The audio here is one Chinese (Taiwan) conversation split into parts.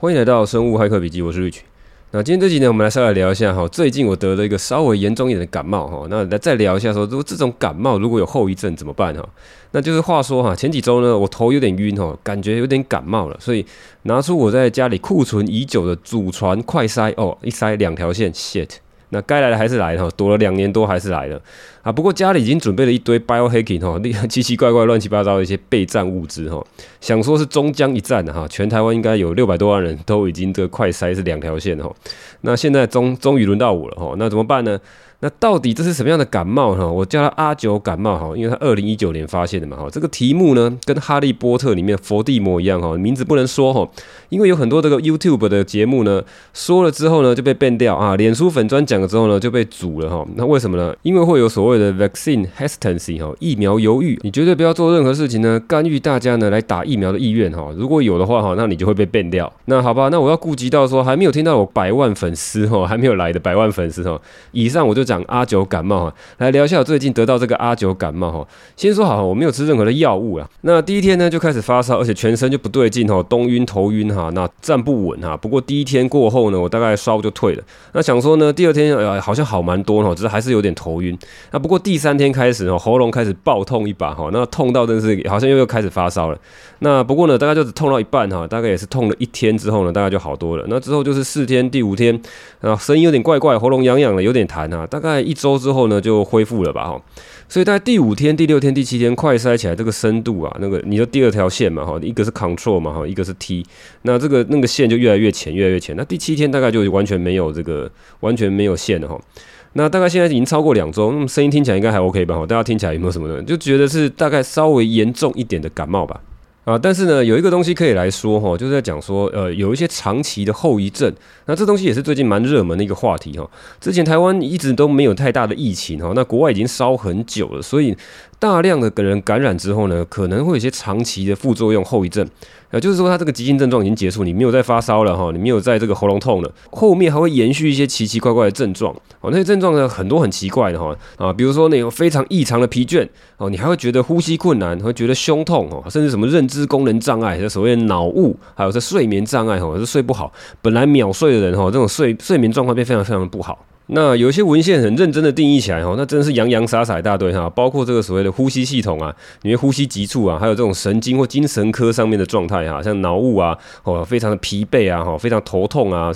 歡迎來到生物駭客筆記，我是 Rich。那今天這集呢，我們來稍微聊一下哈，最近我得了一個稍微嚴重一點的感冒哈，那來再聊一下說，如果這種感冒如果有後遺症怎麼辦哈？那就是話說哈，前幾周呢，我頭有點暈哈，感覺有點感冒了，所以拿出我在家裡庫存已久的祖傳快篩哦，一篩兩條線 shit。那該來的還是來了，躲了兩年多還是來了啊！不過家裡已經準備了一堆 biohacking 哈、哦，奇奇怪怪、亂七八糟的一些備戰物資哈、哦。想說是終將一戰的哈、哦，全台灣應該有六百多萬人都已經這個快篩是兩條線哈、哦。那現在終終於輪到我了哈、哦，那怎麼辦呢？那到底這是什麼樣的感冒？哈，我叫他阿九感冒，哈，因為他二零一九年發現的嘛，哈，這個題目呢，跟《哈利波特》裡面佛地魔一樣，哈，名字不能說，哈，因為有很多這個 YouTube 的節目呢，說了之後呢，就被 ban 掉啊。臉書粉專講了之後呢，就被煮了，哈。那為什麼呢？因為會有所謂的 vaccine hesitancy，哈，疫苗猶豫，你絕對不要做任何事情呢，干預大家呢來打疫苗的意願，哈。如果有的話，哈，那你就會被 ban 掉。那好吧，那我要顧及到說還沒有聽到我百萬粉絲，哈，還沒有來的百萬粉絲，哈，以上我就。講、啊、阿九感冒啊，來聊一下我最近得到這個阿九感冒哈。先說好，我沒有吃任何的藥物啊。那第一天呢就開始發燒，而且全身就不對勁哈，冬暈頭暈哈，那站不穩哈。不過第一天過後呢，我大概燒就退了。那想說呢，第二天、哎、好像好蠻多哈，只是還是有點頭暈。那不過第三天開始，喉嚨開始爆痛一把哈，那痛到真的是好像又又開始發燒了。那不過呢，大概就只痛到一半哈，大概也是痛了一天之後呢，大概就好多了。那之後就是四天第五天，啊，聲音有點怪怪，喉嚨癢癢的，有點痰啊，大概一週之後呢，就恢復了吧哈。所以大概第五天、第六天、第七天快篩起來，這個深度啊，那個你說第二條線嘛哈，一個是 control 嘛哈，一個是 T，那這個那個線就越來越淺，越來越淺。那第七天大概就完全沒有這個，完全沒有線了哈。那大概現在已經超過兩週，那、嗯、聲音聽起來應該還 OK 吧？哈，大家聽起來有沒有什麼？就覺得是大概稍微嚴重一點的感冒吧。啊，但是呢，有一個東西可以來說哈，就是在講說，呃，有一些長期的後遺症。那這東西也是最近蠻熱門的一個話題哈。之前台灣一直都沒有太大的疫情哈，那國外已經燒很久了，所以大量的人感染之後呢，可能會有些長期的副作用後遺症。也就是說，他這個急性症狀已經結束，你沒有再發燒了哈，你沒有在這個喉嚨痛了，後面還會延續一些奇奇怪怪的症狀，哦，那些症狀呢，很多很奇怪的哈啊，比如說你有非常異常的疲倦哦，你還會覺得呼吸困難，會覺得胸痛哦，甚至什麼認知功能障礙，這所謂的腦霧，還有這睡眠障礙哈，是睡不好，本來秒睡的人哈，這種睡睡眠狀況變非常非常的不好。那有些文獻很認真的定義起來哈，那真的是洋洋灑灑一大堆哈，包括這個所謂的呼吸系統啊，你的呼吸急促啊，還有這種神經或精神科上面的狀態哈，像腦霧啊，哦，非常的疲憊啊，哈、啊，非常頭痛啊，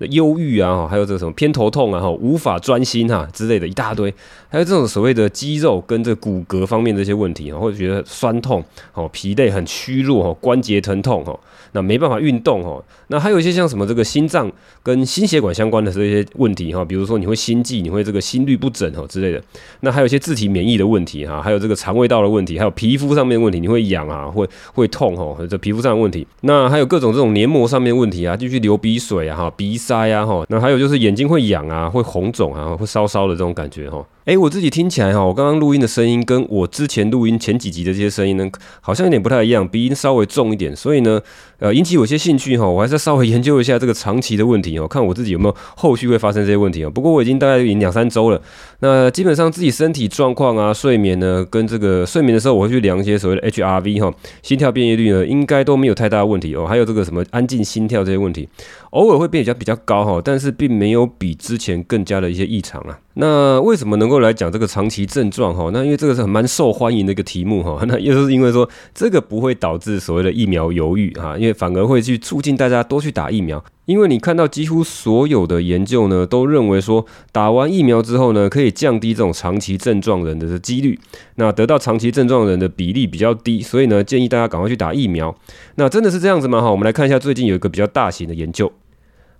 憂鬱啊，還有這個什麼偏頭痛啊，哈，無法專心哈、啊、之類的一大堆，還有這種所謂的肌肉跟這骨骼方面這些問題啊，或者覺得酸痛哦，疲累很虛弱哦，關節疼痛哦，那沒辦法運動哦，那還有一些像什麼這個心臟跟心血管相關的這些問題哈，比如說。你會心悸，你會這個心律不整哦之類的，那還有一些自體免疫的問題哈，還有這個腸胃道的問題，還有皮膚上面的問題，你會癢啊，會會痛吼，這皮膚上的問題，那還有各種這種黏膜上面的問題啊，繼續流鼻水啊、鼻塞啊哈，那還有就是眼睛會癢啊，會紅腫啊，會燒燒的這種感覺吼。誒，我自己聽起來哈、哦，我剛剛錄音的聲音跟我之前錄音前幾集的這些聲音呢，好像有點不太一樣，鼻音稍微重一點，所以呢，呃，引起我一些興趣哈、哦，我還是要稍微研究一下這個長期的問題哦，看我自己有沒有後續會發生這些問題哦。不過我已經大概已經兩三周了，那基本上自己身體狀況啊、睡眠呢，跟這個睡眠的時候我會去量一些所謂的 HRV 哈、哦，心跳變異率呢，應該都沒有太大的問題哦，還有這個什麼安靜心跳這些問題。偶爾會變比較比較高哈，但是並沒有比之前更加的一些異常啊。那為什麼能夠來講這個長期症狀哈？那因為這個是很蠻受歡迎的一個題目哈。那又是因為說這個不會導致所謂的疫苗猶豫哈，因為反而會去促進大家多去打疫苗。因為你看到幾乎所有的研究呢都認為說打完疫苗之後呢可以降低這種長期症狀人的這幾率，那得到長期症狀人的比例比較低，所以呢建議大家趕快去打疫苗。那真的是這樣子嗎？哈，我們來看一下最近有一個比較大型的研究。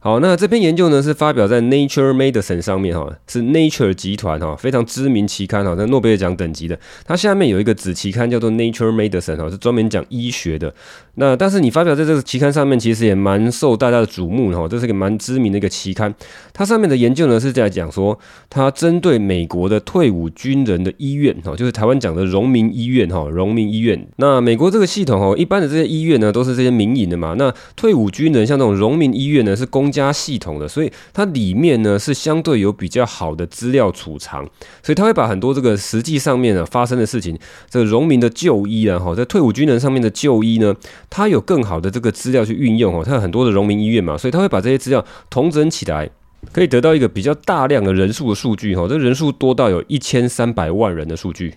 好，那這篇研究呢是發表在《Nature Medicine》上面，哈，是《Nature》集團哈非常知名期刊哈，在諾貝爾獎等級的。它下面有一個子期刊叫做《Nature Medicine》，哈，是專門講醫學的。那但是你發表在這個期刊上面，其實也蠻受大家的矚目哈、哦。這是一個蠻知名的一個期刊，它上面的研究呢是在講說，它針對美國的退伍軍人的醫院哈、哦，就是台灣講的榮民醫院哈，榮民醫院。那美國這個系統哦，一般的這些醫院呢都是這些民營的嘛。那退伍軍人像這種榮民醫院呢是公家系統的，所以它裡面呢是相對有比較好的資料儲藏，所以它會把很多這個實際上面啊發生的事情，這個榮民的就醫啊然後在退伍軍人上面的就醫呢。他有更好的這個資料去運用哦，他有很多的榮民醫院嘛，所以他會把這些資料統整起來，可以得到一個比較大量的人數的數據哦，這人數多到有一千三百萬人的數據。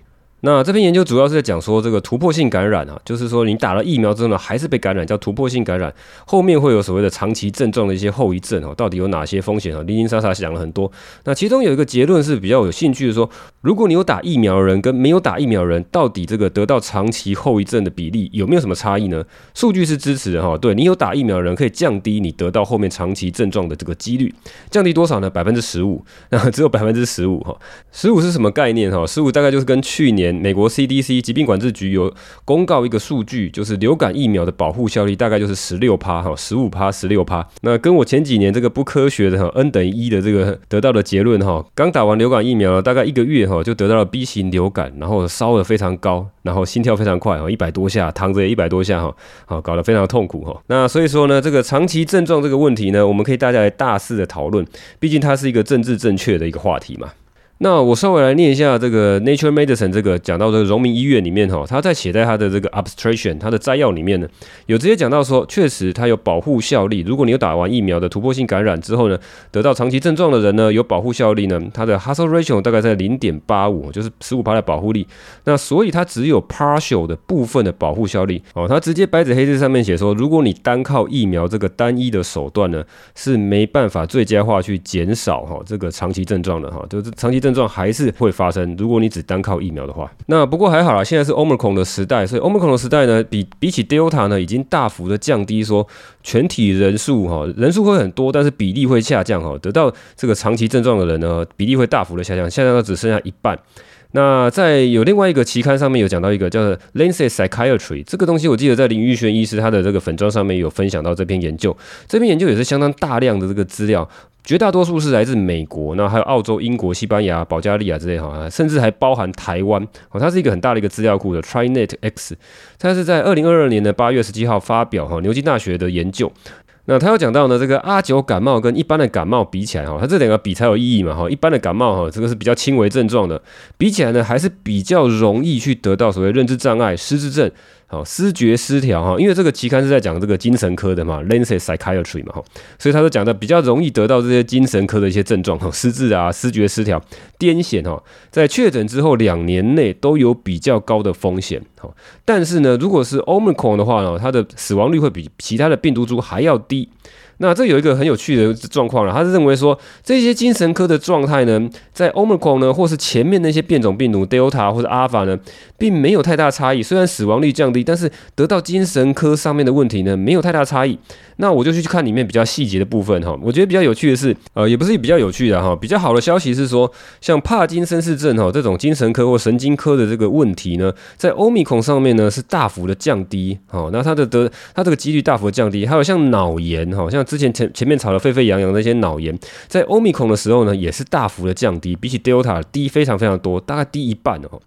那這篇研究主要是在講說，這個突破性感染啊，就是說你打了疫苗之後呢，還是被感染，叫突破性感染。後面會有所謂的長期症狀的一些後遺症哦，到底有哪些風險啊？零零散散想了很多。那其中有一個結論是比較有興趣的說，說如果你有打疫苗的人跟沒有打疫苗人，到底這個得到長期後遺症的比例有沒有什麼差異呢？數據是支持的哈，對你有打疫苗的人可以降低你得到後面長期症狀的這個幾率，降低多少呢？百分之十五，那只有百分之十五哈，十五是什麼概念哈？十五大概就是跟去年。美國 CDC 疾病管制局有公告一個數據，就是流感疫苗的保護效力大概就是十六趴。哈，十五趴，十六趴。那跟我前幾年這個不科學的 N 等於一的這個得到的結論哈，剛打完流感疫苗大概一個月哈，就得到了 B 型流感，然後燒得非常高，然後心跳非常快哈，一百多下，躺着也一百多下哈，好搞得非常痛苦哈。那所以說呢，這個長期症狀這個問題呢，我們可以大家來大肆的討論，畢竟它是一個政治正確的一個話題嘛。那我稍微來念一下這個《Nature Medicine》這個講到這個榮民醫院裡面哈、哦，他在寫在他的這個 Abstraction，他的摘要裡面呢，有直接講到說，確實它有保護效力。如果你有打完疫苗的突破性感染之後呢，得到長期症狀的人呢，有保護效力呢，他的 Hazard Ratio 大概在零點八五，就是十五趴的保護力。那所以它只有 partial 的部分的保護效力哦。他直接白紙黑字上面寫說，如果你單靠疫苗這個單一的手段呢，是沒辦法最佳化去減少哈、哦、這個長期症狀的哈、哦，就是長期症狀還是會發生。如果你只單靠疫苗的話，那不過還好啦。現在是 Omicron 的時代，所以 Omicron 的時代呢，比比起 Delta 呢，已經大幅的降低說。說全體人數哈，人數會很多，但是比例會下降哈。得到這個長期症狀的人呢，比例會大幅的下降，現在都只剩下一半。那在有另外一個期刊上面有講到一個叫 Lancet Psychiatry 這個東西，我記得在林玉軒醫師他的這個粉專上面有分享到這篇研究。這篇研究也是相當大量的這個資料。絕大多數是來自美國，那還有澳洲、英國、西班牙、保加利亞之類哈，甚至還包含台灣。哦，它是一個很大的一個資料庫的 TriNetX，它是在二零二二年的八月十七號發表哈，牛津大學的研究。那它有講到呢，這個阿九感冒跟一般的感冒比起來哈，它這兩個比才有意義嘛哈。一般的感冒哈，這個是比較輕微症狀的，比起來呢，還是比較容易去得到所謂認知障礙、失智症。好，思覺失調哈，因為這個期刊是在講這個精神科的嘛，Lancet Psychiatry 嘛哈，所以它就講的比較容易得到這些精神科的一些症狀哈，失智啊，思覺失調，癲癇哈，在確診之後兩年內都有比較高的風險哈，但是呢，如果是 Omicron 的話呢，它的死亡率會比其他的病毒株還要低。那這有一個很有趣的狀況了，他是認為說這些精神科的狀態呢，在歐米 n 呢，或是前面那些變種病毒 Delta 或者 Alpha 呢，並沒有太大差異。雖然死亡率降低，但是得到精神科上面的問題呢，沒有太大差異。那我就去看裡面比較細節的部分哈。我覺得比較有趣的是，呃，也不是比較有趣的哈，比較好的消息是說，像帕金森氏症哈這種精神科或神經科的這個問題呢，在歐米 n 上面呢是大幅的降低。好，那它的得它這個幾率大幅的降低，還有像腦炎哈，像之前前前面吵得沸沸揚揚的那些腦炎，在歐米孔的時候呢，也是大幅的降低，比起 Delta 低非常非常多，大概低一半哦。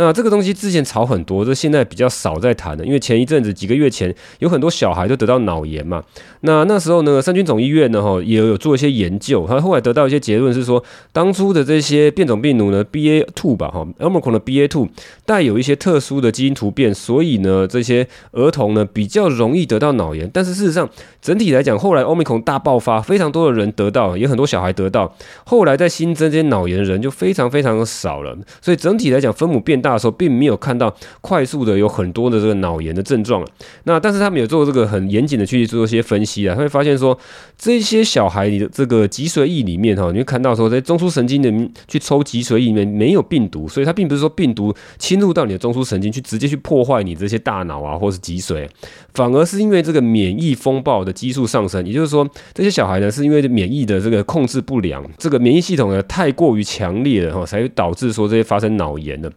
那這個東西之前炒很多，這現在比較少在談了，因為前一陣子幾個月前有很多小孩都得到腦炎嘛。那那時候呢，三軍總醫院呢，哈，也有做一些研究，他後來得到一些結論是說，當初的這些變種病毒呢，BA two 吧，哈，Omicron 的 BA two 帶有一些特殊的基因突變，所以呢，這些兒童呢比較容易得到腦炎。但是事實上，整體來講，後來歐美孔大爆發，非常多的人得到，有很多小孩得到，後來再新增這些腦炎的人就非常非常的少了，所以整體來講，分母變大。那時候並沒有看到快速的有很多的這個腦炎的症狀。那但是他們有做這個很嚴謹的去做一些分析啊，他會發現說這些小孩你的這個脊髓液裡面哈，你會看到說在中樞神經裡面去抽脊髓液裡面沒有病毒，所以它並不是說病毒侵入到你的中樞神經去直接去破壞你這些大腦啊或是脊髓，反而是因為這個免疫風暴的激素上升，也就是說這些小孩呢是因為免疫的這個控制不良，這個免疫系統呢太過於強烈了哈，才會導致說這些發生腦炎的。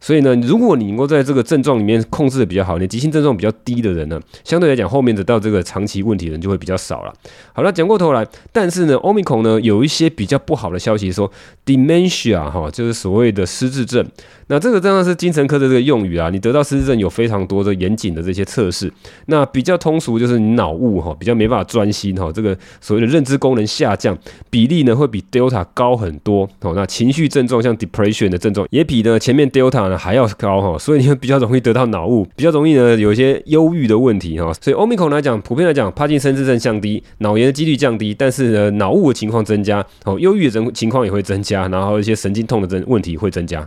所以呢，如果你能夠在這個症狀裡面控制的比較好，你急性症狀比較低的人呢，相對來講後面的到這個長期問題的人就會比較少了。好了，講過頭來，但是呢歐米孔呢有一些比較不好的消息，說 dementia 哈，就是所謂的失智症。那這個當然是精神科的這個用語啊，你得到失智症有非常多的嚴謹的這些測試。那比較通俗就是你腦霧哈，比較沒辦法專心哈，這個所謂的認知功能下降比例呢會比 delta 高很多。哦，那情緒症狀像 depression 的症狀也比呢前面 delta 還要高哈，所以你會比較容易得到腦霧，比較容易呢有一些憂鬱的問題哈。所以 Omicron 來講，普遍來講，帕金森症降低，腦炎的幾率降低，但是呢腦霧的情況增加，哦，憂鬱的情況也會增加，然後一些神經痛的症問題會增加。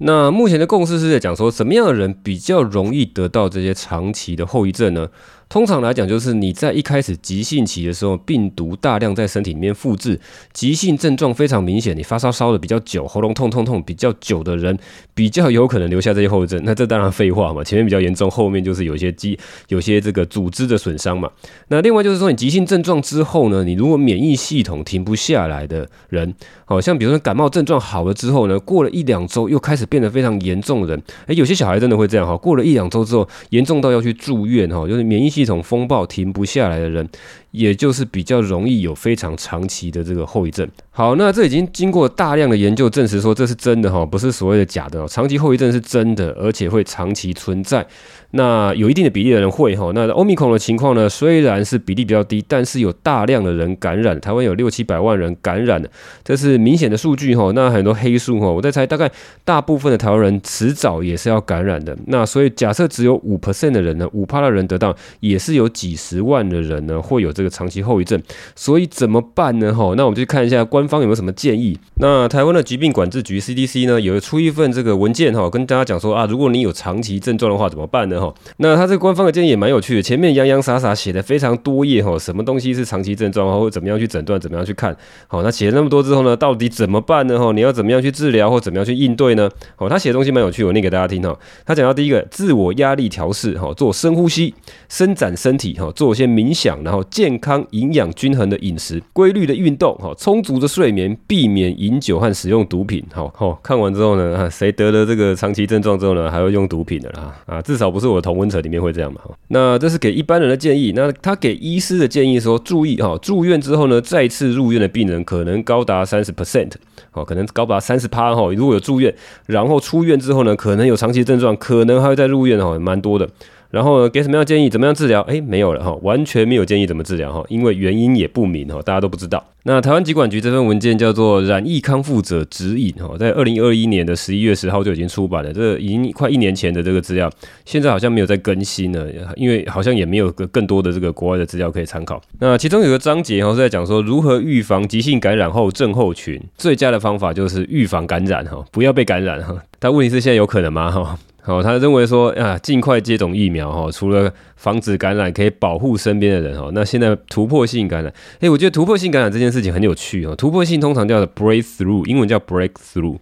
那目前的共識是在講說，什麼樣的人比較容易得到這些長期的後遺症呢？通常來講，就是你在一開始急性期的時候，病毒大量在身體裡面複製，急性症狀非常明顯。你發燒燒的比較久，喉嚨痛痛痛比較久的人，比較有可能留下這些後遺症。那這當然廢話嘛，前面比較嚴重，後面就是有些肌、有些這個組織的損傷嘛。那另外就是說，你急性症狀之後呢，你如果免疫系統停不下來的人，好像比如說感冒症狀好了之後呢，過了一兩週又開始變得非常嚴重的人，哎，有些小孩真的會這樣哈，過了一兩週之後，嚴重到要去住院哈，就是免疫系統。系統風暴停不下來的人，也就是比較容易有非常長期的這個後遺症。好，那這已經經過大量的研究證實，說這是真的哈，不是所謂的假的哦。長期後遺症是真的，而且會長期存在。那有一定的比例的人會哈，那歐米孔的情況呢？雖然是比例比較低，但是有大量的人感染，台灣有六七百萬人感染，這是明顯的數據哈。那很多黑數哈，我在猜，大概大部分的台灣人遲早也是要感染的。那所以假設只有五 percent 的人呢，五趴的人得到，也是有幾十萬的人呢會有這個長期後遺症。所以怎麼辦呢？哈，那我們就去看一下官方有沒有什麼建議。那台灣的疾病管制局 CDC 呢，有出一份這個文件哈，跟大家講說啊，如果你有長期症狀的話，怎麼辦呢？那他這官方的，建議也蠻有趣的。前面洋洋灑灑寫的非常多頁哈，什麼東西是長期症狀，或怎麼樣去診斷，怎麼樣去看。好，那寫了那麼多之後呢，到底怎麼辦呢？哈，你要怎麼樣去治療，或怎麼樣去應對呢？好，他寫的東西蠻有趣，我念給大家聽哈。他講到第一個，自我壓力調適，哈，做深呼吸，伸展身體，哈，做一些冥想，然後健康、營養均衡的飲食，規律的運動，哈，充足的睡眠，避免飲酒和使用毒品。好，看完之後呢，誰得了這個長期症狀之後呢，還要用毒品的啦？啊，至少不是。我的同溫層裡面會這樣嘛？那這是給一般人的建議。那他給醫師的建議說：注意哈，住院之後呢，再次入院的病人可能高達三十 percent，哦，可能高達三十趴哈。如果有住院，然後出院之後呢，可能有長期症狀，可能還會再入院哦，也蠻多的。然後給什麼樣的建議？怎麼樣治療？哎，沒有了哈，完全沒有建議怎麼治療哈，因為原因也不明哈，大家都不知道。那台灣疾管局這份文件叫做《染疫康復者指引》哈，在二零二一年的十一月十號就已經出版了，這個、已經快一年前的這個資料，現在好像沒有再更新了，因為好像也沒有更多的這個國外的資料可以參考。那其中有個章節哈是在講說如何預防急性感染後症候群，最佳的方法就是預防感染哈，不要被感染哈。但問題是現在有可能嗎哈？好、哦，他認為說，啊，儘快接種疫苗哈、哦，除了防止感染，可以保護身邊的人哦，那現在突破性感染，誒、欸，我覺得突破性感染這件事情很有趣哦。突破性通常叫做 breakthrough，英文叫 breakthrough。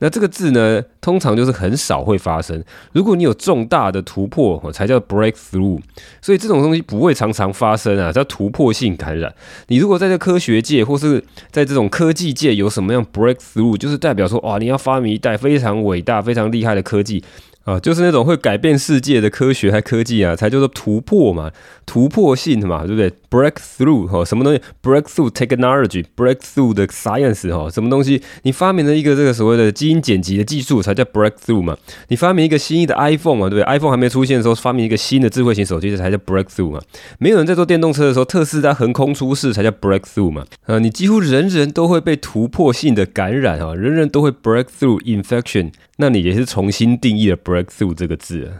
那這個字呢，通常就是很少會發生。如果你有重大的突破，哦、才叫 breakthrough。所以這種東西不會常常發生啊，叫突破性感染。你如果在這科學界或是在這種科技界有什麼樣 breakthrough，就是代表說，哇，你要發明一代非常偉大、非常厲害的科技。啊，就是那種會改變世界的科學和科技啊，才叫做突破嘛，突破性的嘛，對不對？Breakthrough 吼，什麼東西？Breakthrough technology，Breakthrough the science 吼，什麼東西？你發明了一個這個所謂的基因剪輯的技術才叫 breakthrough 嘛？你發明一個新的 iPhone 嘛，對不對？iPhone 還沒出現的時候，發明一個新的智慧型手機這才叫 breakthrough 嘛？沒有人在做電動車的時候，特斯拉橫空出世才叫 breakthrough 嘛？呃、啊，你幾乎人人都會被突破性的感染啊，人人都會 breakthrough infection。那你也是重新定義了 “breakthrough” 這個字。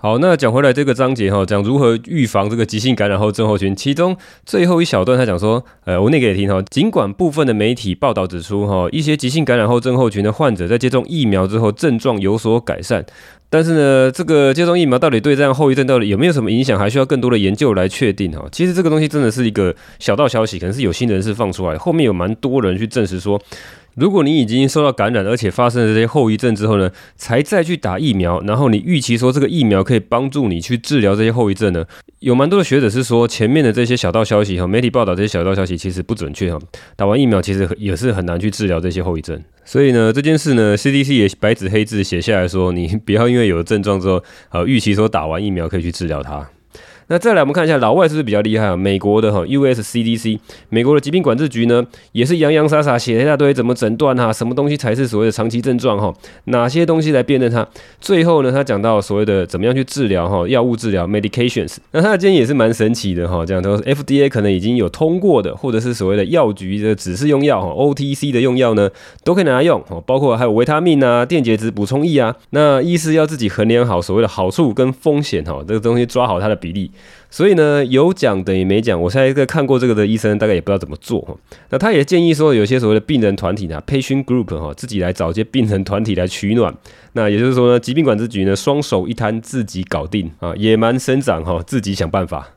好，那講回來這個章節哈，講如何預防這個急性感染後症候群。其中最後一小段，他講說，呃，我那個也聽哈。儘管部分的媒體報道指出哈，一些急性感染後症候群的患者在接種疫苗之後症狀有所改善，但是呢，這個接種疫苗到底對這樣後遺症到底有沒有什麼影響，還需要更多的研究來確定哈。其實這個東西真的是一個小道消息，可能是有心人士放出來，後面有蠻多人去證實說。如果你已經受到感染，而且發生了這些後遺症之後呢，才再去打疫苗，然後你預期說這個疫苗可以幫助你去治療這些後遺症呢？有蠻多的學者是說，前面的這些小道消息哈，媒體報道這些小道消息其實不準確哈。打完疫苗其實也是很難去治療這些後遺症，所以呢，這件事呢，CDC 也白紙黑字寫下來說，你不要因為有症狀之後，呃，預期說打完疫苗可以去治療它。那再來我們看一下老外是不是比較厲害啊？美國的哈，USCDC，美國的疾病管制局呢，也是洋洋灑灑寫了一大堆怎麼診斷啊，什麼東西才是所謂的長期症狀哈、哦，哪些東西來辨認它。最後呢，他講到所謂的怎麼樣去治療哈，藥物治療 medications。那他的建議也是蠻神奇的哈，講到 FDA 可能已經有通過的，或者是所謂的藥局的指示用藥哈，OTC 的用藥呢都可以拿來用，包括還有維他命吶、啊、電解質補充液啊。那醫師要自己衡量好所謂的好處跟風險哈，這個東西抓好它的比例。所以呢，有講等於沒講，我現在一個看過這個的醫生大概也不知道怎麼做。那他也建議說，有些所謂的病人團體呢，patient group 哈，自己來找一些病人團體來取暖。那也就是說呢，疾病管制局呢，雙手一攤，自己搞定啊，野蠻生長哈，自己想辦法。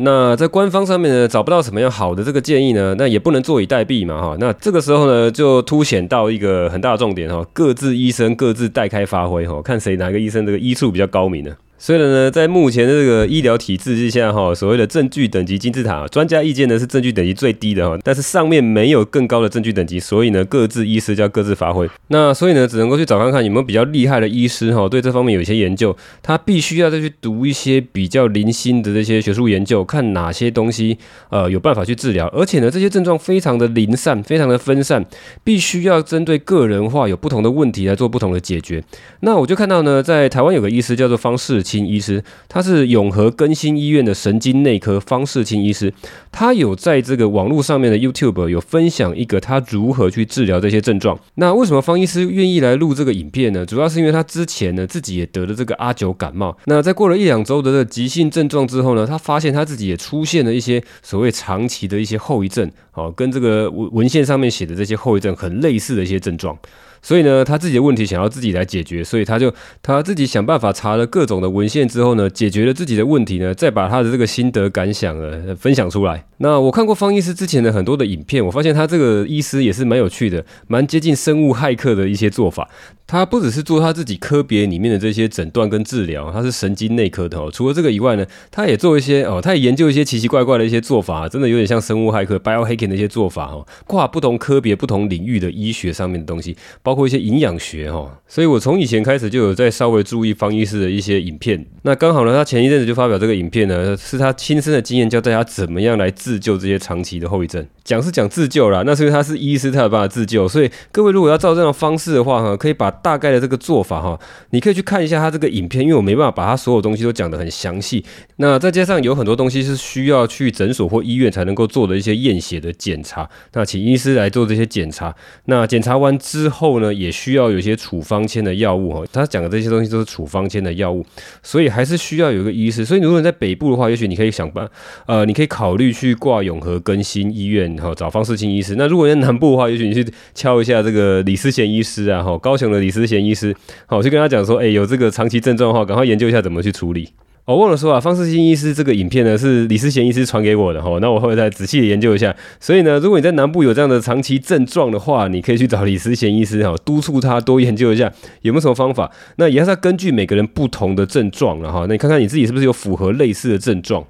那在官方上面呢，找不到什麼樣好的這個建議呢，那也不能坐以待斃嘛哈。那這個時候呢，就凸顯到一個很大的重點哈，各自醫生各自帶開發揮哈，看誰哪個醫生這個醫術比較高明呢？所以呢，在目前的這個醫療體制之下，哈，所謂的證據等級金字塔，專家意見呢是證據等級最低的哈，但是上面沒有更高的證據等級，所以呢，各自醫師就要各自發揮。那所以呢，只能夠去找看看有沒有比較厲害的醫師哈，對這方面有一些研究。他必須要再去讀一些比較零星的這些學術研究，看哪些東西呃有辦法去治療。而且呢，這些症狀非常的零散，非常的分散，必須要針對個人化，有不同的問題來做不同的解決。那我就看到呢，在台灣有個醫師叫做方識。清醫師，他是永和更新醫院的神經內科方識欽醫師，他有在這個網絡上面的 YouTube 有分享一個他如何去治療這些症狀。那為什麼方醫師願意來錄這個影片呢？主要是因為他之前呢自己也得了這個阿九感冒，那在過了一兩周的這急性症狀之後呢，他發現他自己也出現了一些所謂長期的一些後遺症，哦，跟這個文文獻上面寫的這些後遺症很類似的一些症狀。所以呢，他自己的問題想要自己來解決，所以他就他自己想辦法查了各種的文獻之後呢，解決了自己的問題呢，再把他的這個心得感想呢，呃，分享出來。那我看過方醫師之前的很多的影片，我發現他這個醫師也是蠻有趣的，蠻接近生物駭客的一些做法。他不只是做他自己科別裡面的這些診斷跟治療，他是神經內科的哦。除了這個以外呢，他也做一些哦，他也研究一些奇奇怪怪的一些做法，真的有點像生物駭客 （biohacking） 的一些做法哦。掛不同科別、不同領域的醫學上面的東西，包括一些營養學哈、哦。所以我從以前開始就有在稍微注意方醫師的一些影片。那剛好呢，他前一陣子就發表這個影片呢，是他親身的經驗，教大家怎麼樣來自救這些長期的後遺症。講是講自救啦，那是因為他是醫師，他有辦法自救。所以各位如果要照這樣的方式的話，可以把。大概的這個做法哈，你可以去看一下他這個影片，因為我沒辦法把他所有東西都講得很詳細。那再加上有很多東西是需要去診所或醫院才能夠做的一些驗血的檢查，那請醫師來做這些檢查。那檢查完之後呢，也需要有一些處方簽的藥物哈。他講的這些東西都是處方簽的藥物，所以還是需要有一個醫師。所以如果你在北部的話，也許你可以想辦呃，你可以考慮去掛永和更新醫院，然後找方識欽醫師。那如果在南部的話，也許你去敲一下這個李思賢醫師啊，哈，高雄的。李思賢醫師，好，我去跟他講說，誒，有這個長期症狀的話，趕快研究一下怎麼去處理。我、哦、忘了說啊，方世新醫師這個影片呢，是李思賢醫師傳給我的哈，那我後來再仔細的研究一下。所以呢，如果你在南部有這樣的長期症狀的話，你可以去找李思賢醫師哈，督促他多研究一下有沒有什麼方法。那也要是要根據每個人不同的症狀了哈，那你看看你自己是不是有符合類似的症狀。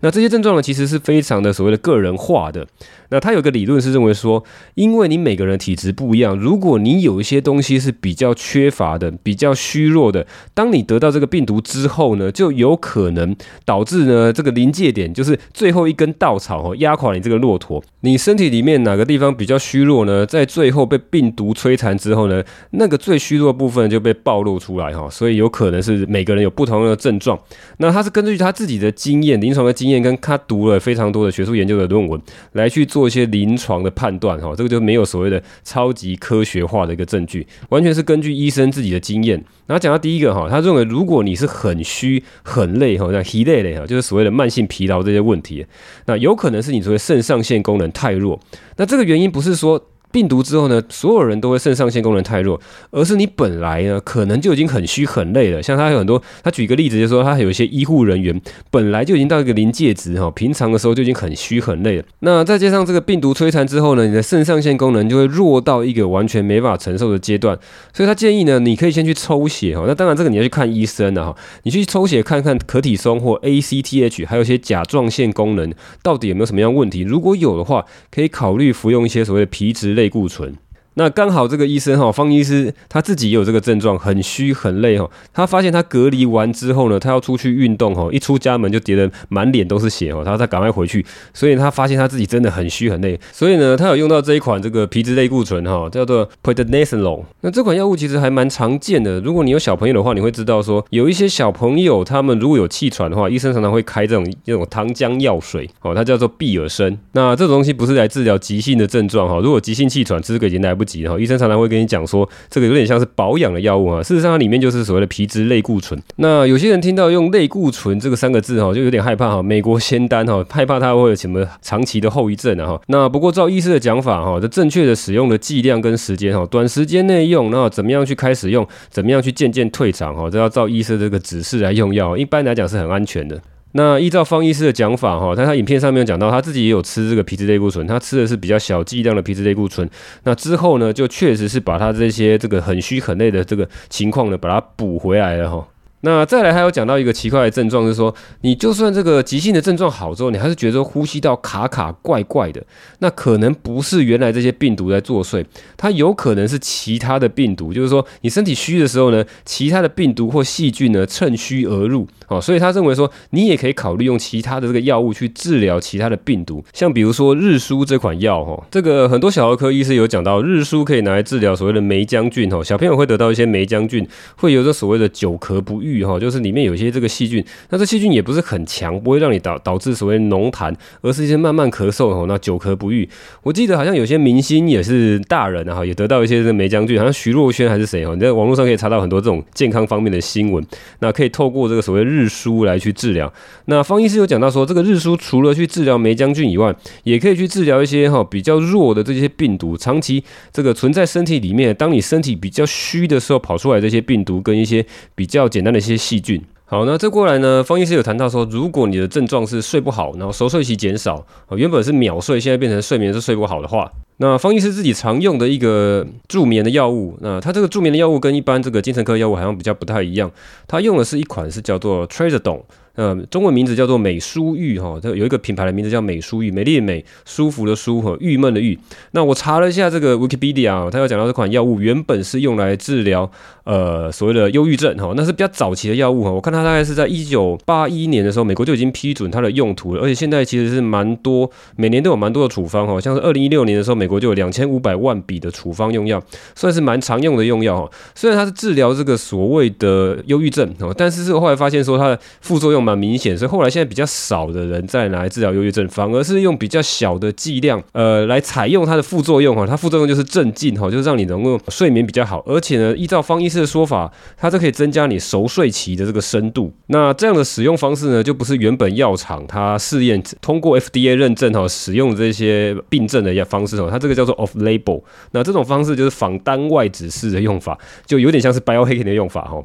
那這些症狀呢，其實是非常的所謂的個人化的。那他有個理論是認為說，因為你每個人體質不一樣，如果你有一些東西是比較缺乏的、比較虛弱的，當你得到這個病毒之後呢，就有可能導致呢這個臨界點，就是最後一根稻草哦，壓垮你這個駱駝。你身體裡面哪個地方比較虛弱呢？在最後被病毒摧殘之後呢，那個最虛弱的部分就被暴露出來哈。所以有可能是每個人有不同的症狀。那他是根據他自己的經驗臨床。經驗跟他讀了非常多的學術研究的論文，來去做一些臨床的判斷哈，這個就沒有所謂的超級科學化的一個證據，完全是根據醫生自己的經驗。然後講到第一個哈，他認為如果你是很虛很累哈，像虛累累哈，就是所謂的慢性疲勞這些問題，那有可能是你所謂腎上腺功能太弱，那這個原因不是說。病毒之後呢，所有人都會腎上腺功能太弱，而是你本來呢，可能就已經很虛很累了。像他有很多，他舉個例子就是，就說他有一些醫護人員本來就已經到一個臨界值哈，平常的時候就已經很虛很累了。那再加上這個病毒摧殘之後呢，你的腎上腺功能就會弱到一個完全沒法承受的階段。所以他建議呢，你可以先去抽血哈。那當然這個你要去看醫生了哈，你去抽血看看可體松或 ACTH，還有一些甲狀腺功能到底有沒有什麼樣的問題。如果有的話，可以考慮服用一些所謂的皮質類。膽固醇。那剛好這個醫生哈、哦，方醫師他自己也有這個症狀，很虛很累哈、哦。他發現他隔離完之後呢，他要出去運動哈、哦，一出家門就跌得滿臉都是血哈、哦，他他趕快回去。所以他發現他自己真的很虛很累。所以呢，他有用到這一款這個皮質類固醇哈、哦，叫做 prednisolone。那這款藥物其實還蠻常見的。如果你有小朋友的話，你會知道說有一些小朋友他們如果有氣喘的話，醫生常常會開這種這種糖漿藥水哦，它叫做必爾生。那這種東西不是來治療急性的症狀哈，如果急性氣喘其實已經來不醫生常常會跟你講說，這個有點像是保養的藥物啊。事實上，它裡面就是所謂的皮質類固醇。那有些人聽到用類固醇這個三個字哈，就有點害怕哈。美國仙丹哈，害怕它會有什麼長期的後遺症啊。那不過照醫師的講法哈，這正確的使用的劑量跟時間哈，短時間內用，然後怎麼樣去開始用，怎麼樣去漸漸退場哈，這要照醫師這個指示來用藥。一般來講是很安全的。那依照方醫師的講法，哈，但他影片上面有講到，他自己也有吃這個皮質類固醇，他吃的是比較小劑量的皮質類固醇。那之後呢，就確實是把他這些這個很虛很累的這個情況呢，把他補回來了，哈。那再來還有講到一個奇怪的症狀，是說你就算這個急性的症狀好之後，你還是覺得說呼吸道卡卡、怪怪的，那可能不是原來這些病毒在作祟，它有可能是其他的病毒，就是說你身體虛的時候呢，其他的病毒或細菌呢趁虛而入。哦，所以他認為說你也可以考慮用其他的這個藥物去治療其他的病毒，像比如說日舒這款藥，哦，這個很多小兒科醫師有講到，日舒可以拿來治療所謂的黴漿菌，哈，小朋友會得到一些黴漿菌，會有着所謂的久咳不癒。就是裡面有一些這個細菌，那這細菌也不是很強，不會讓你導導致所謂膿痰，而是一些慢慢咳嗽哈，那久咳不愈。我記得好像有些明星也是大人啊哈，也得到一些這個黴漿菌，好像徐若瑄還是誰哈，你在網絡上可以查到很多這種健康方面的新聞。那可以透過這個所謂日舒來去治療。那方醫師有講到說，這個日舒除了去治療黴漿菌以外，也可以去治療一些哈比較弱的這些病毒，長期這個存在身體裡面，當你身體比較虛的時候，跑出來這些病毒跟一些比較簡單的。一些細菌。好，那再過來呢？方醫師有談到說，如果你的症狀是睡不好，然後熟睡期減少，啊，原本是秒睡，現在變成睡眠是睡不好的話，那方醫師自己常用的一個助眠的藥物，那他這個助眠的藥物跟一般這個精神科藥物好像比較不太一樣，他用的是一款是叫做 Trazodone。呃，中文名字叫做美舒鬱哈，它、哦，這個、有一個品牌的名字叫美舒鬱，美麗美舒服的舒和、哦、鬱悶的鬱。那我查了一下這個 Wikipedia，、哦、它有講到這款藥物原本是用來治療呃所謂的憂鬱症哈、哦，那是比較早期的藥物哈、哦。我看它大概是在一九八一年的時候，美國就已經批准它的用途了，而且現在其實是蠻多，每年都有蠻多的處方哈、哦。像是二零一六年的時候，美國就有兩千五百萬筆的處方用藥，算是蠻常用的用藥哈、哦。雖然它是治療這個所謂的憂鬱症哦，但是是後來發現說它的副作用蠻明顯，所以後來現在比較少的人在來治療憂鬱症，反而是用比較小的劑量，呃，來採用它的副作用哈。它副作用就是鎮靜哈，就是讓你能夠睡眠比較好，而且呢，依照方醫師的說法，它這可以增加你熟睡期的這個深度。那這樣的使用方式呢，就不是原本藥廠它試驗通過 FDA 認證哈，使用這些病症的一些方式哦，它這個叫做 off label。那這種方式就是仿單外指示的用法，就有點像是 biohacking 的用法哈。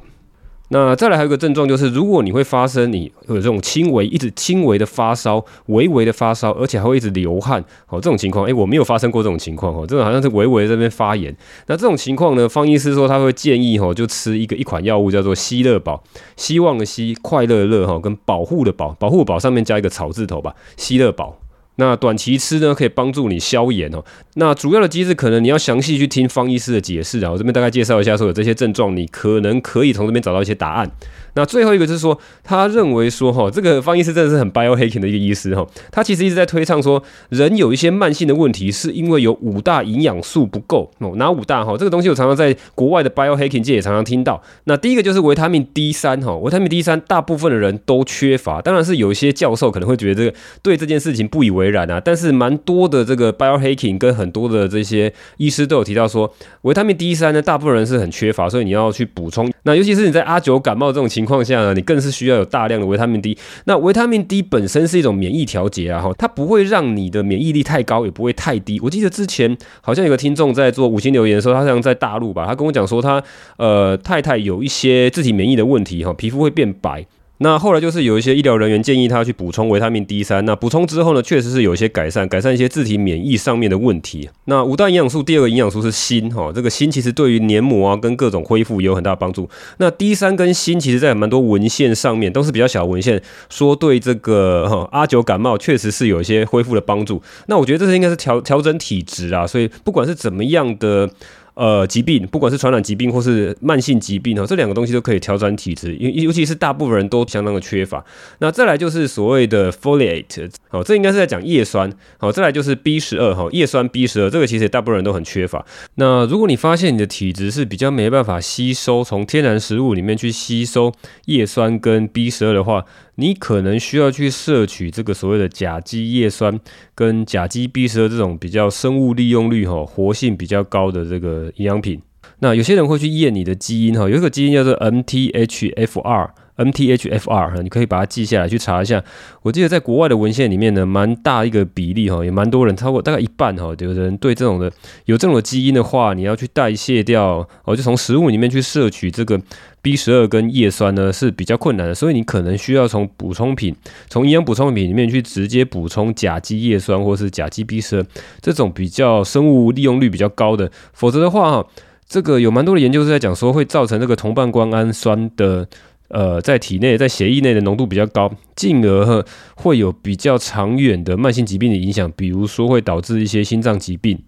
那再來還有一個症狀就是，如果你會發生你有這種輕微一直輕微的發燒，微微的發燒，而且還會一直流汗哦，這種情況哎，我沒有發生過這種情況哦，這個好像是微微在這邊發炎。那這種情況呢，方醫師說他會建議哦，就吃一個一款藥物叫做希樂寶，希望的希，快樂的樂哈，跟保護的保，保護寶上面加一個草字頭吧，希樂寶。那短期吃呢，可以幫助你消炎哦。那主要的機制可能你要詳細去聽方醫師的解釋啊。我這邊大概介紹一下，說有這些症狀，你可能可以從這邊找到一些答案。那最後一個就是說，他認為說哈，這個方醫師真的是很 biohacking 的一個醫師哈，他其實一直在推倡說，人有一些慢性的問題是因為有五大營養素不夠哦，哪五大哈？這個東西我常常在國外的 biohacking 界也常常聽到。那第一個就是維他命 D 三哈，維他命 D 三大部分的人都缺乏，當然是有一些教授可能會覺得這個對這件事情不以為然啊，但是蠻多的這個 biohacking 跟很多的這些醫師都有提到說，維他命 D 三呢，大部分人是很缺乏，所以你要去補充。那尤其是你在阿九感冒這種情況下呢，你更是需要有大量的維他命 D。那維他命 D 本身是一種免疫調節啊，齁，它不會讓你的免疫力太高，也不會太低。我記得之前好像有個聽眾在做五星留言的時候，他好像在大陸吧，他跟我講說他呃太太有一些自體免疫的問題，哈，皮膚會變白。那後來就是有一些醫療人員建議他去補充維他命 D 三。那補充之後呢，確實是有一些改善，改善一些自體免疫上面的問題。那五大營養素，第二個營養素是鋅哈。這個鋅其實對於黏膜啊跟各種恢復有很大的幫助。那 D 三跟鋅其實在蠻多文獻上面都是比較小文獻，說對這個阿九、啊、感冒確實是有一些恢復的幫助。那我覺得這是應該是調調整體質啊，所以不管是怎麼樣的。呃，疾病，不管是傳染疾病或是慢性疾病哦，這兩個東西都可以調整體質，尤尤其是大部分人都相當的缺乏。那再來就是所謂的 foliate，哦，這應該是在講葉酸。好，再來就是 B 十二哈，葉酸 B 十二這個其實也大部分人都很缺乏。那如果你發現你的體質是比較沒辦法吸收從天然食物裡面去吸收葉酸跟 B 十二的話。你可能需要去攝取這個所謂的甲基葉酸跟甲基 B 十二這種比較生物利用率哈活性比較高的這個營養品。那有些人會去驗你的基因哈，有一個基因叫做 MTHFR。MTHFR，你可以把它記下來去查一下。我記得在國外的文獻裡面呢，蠻大一個比例哈，也蠻多人超過大概一半哈，有人對這種的有這種基因的話，你要去代謝掉，我就從食物裡面去攝取這個 B 十二跟葉酸呢是比較困難的，所以你可能需要從補充品，從營養補充品裡面去直接補充甲基葉酸或是甲基 B 十二這種比較生物利用率比較高的，否則的話，這個有蠻多的研究是在講說會造成這個同半胱氨酸的。呃，在體內、在血液內的濃度比較高，進而會有比較長遠的慢性疾病的影響，比如說會導致一些心臟疾病。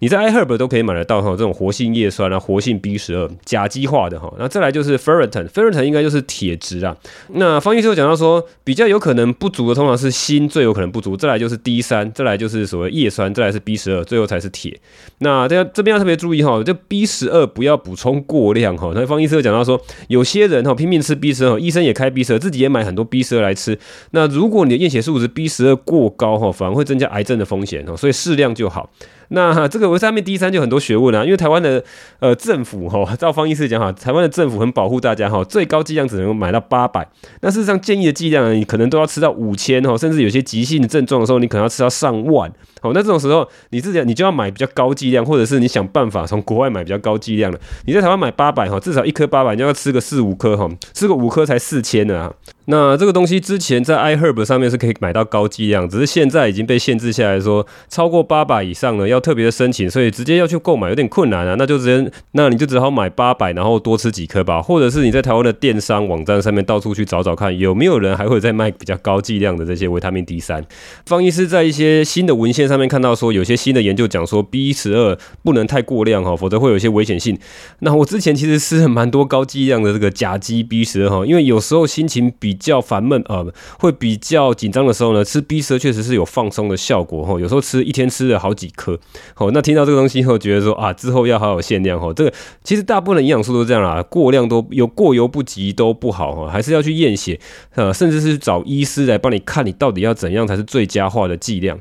你在 iHerb 都可以買得到哈，這種活性葉酸啦，活性 B 十二甲基化的哈，那再來就是 Ferritin，Ferritin 應該就是鐵質啊。那方醫師有講到說，比較有可能不足的通常是鋅，最有可能不足，再來就是 D 三，再來就是所謂葉酸，再來是 B 十二，最後才是鐵。那大家這邊要特別注意哈，就 B 十二不要補充過量哈。那方醫師有講到說，有些人哈拼命吃 B 十二，醫生也開 B 十二，自己也買很多 B 十二來吃。那如果你的驗血數值 B 十二過高哈，反而會增加癌症的風險，所以適量就好。那這個維他命 D3 就很多學問了、啊，因為台灣的呃政府哈、哦，照方醫師講哈，台灣的政府很保護大家哈，最高劑量只能買到八百，那事實上建議的劑量你可能都要吃到五千哦，甚至有些急性的症狀的時候，你可能要吃到上萬，好，那這種時候你自己你就要買比較高劑量，或者是你想辦法從國外買比較高劑量了。你在台灣買八百哈，至少一顆八百，你要吃個四五顆哈，吃個五顆才四千呢。那這個東西之前在 iHerb 上面是可以買到高劑量，只是現在已經被限制下來，說超過八百以上呢要特別的申請，所以直接要去購買有點困難啊。那就直接那你就只好買八百，然後多吃幾顆吧。或者是你在台灣的電商網站上面到處去找找看，有沒有人還會再賣比較高劑量的這些維他命 D 三。方醫師在一些新的文獻上面看到說，有些新的研究講說 B 十二不能太過量哈、哦，否則會有一些危險性。那我之前其實吃了蠻多高劑量的這個甲基 B 十二哈，因為有時候心情比比較煩悶啊，會比較緊張的時候呢，吃 B 舌確實是有放鬆的效果哈、哦。有時候吃一天吃了好幾顆，哦，那聽到這個東西以後，覺得說啊，之後要好好限量哈、哦。這個其實大部分的營養素都這樣啦，過量都有過猶不及都不好哈、哦，還是要去驗血，呃，甚至是去找醫師來幫你看，你到底要怎樣才是最佳化的劑量。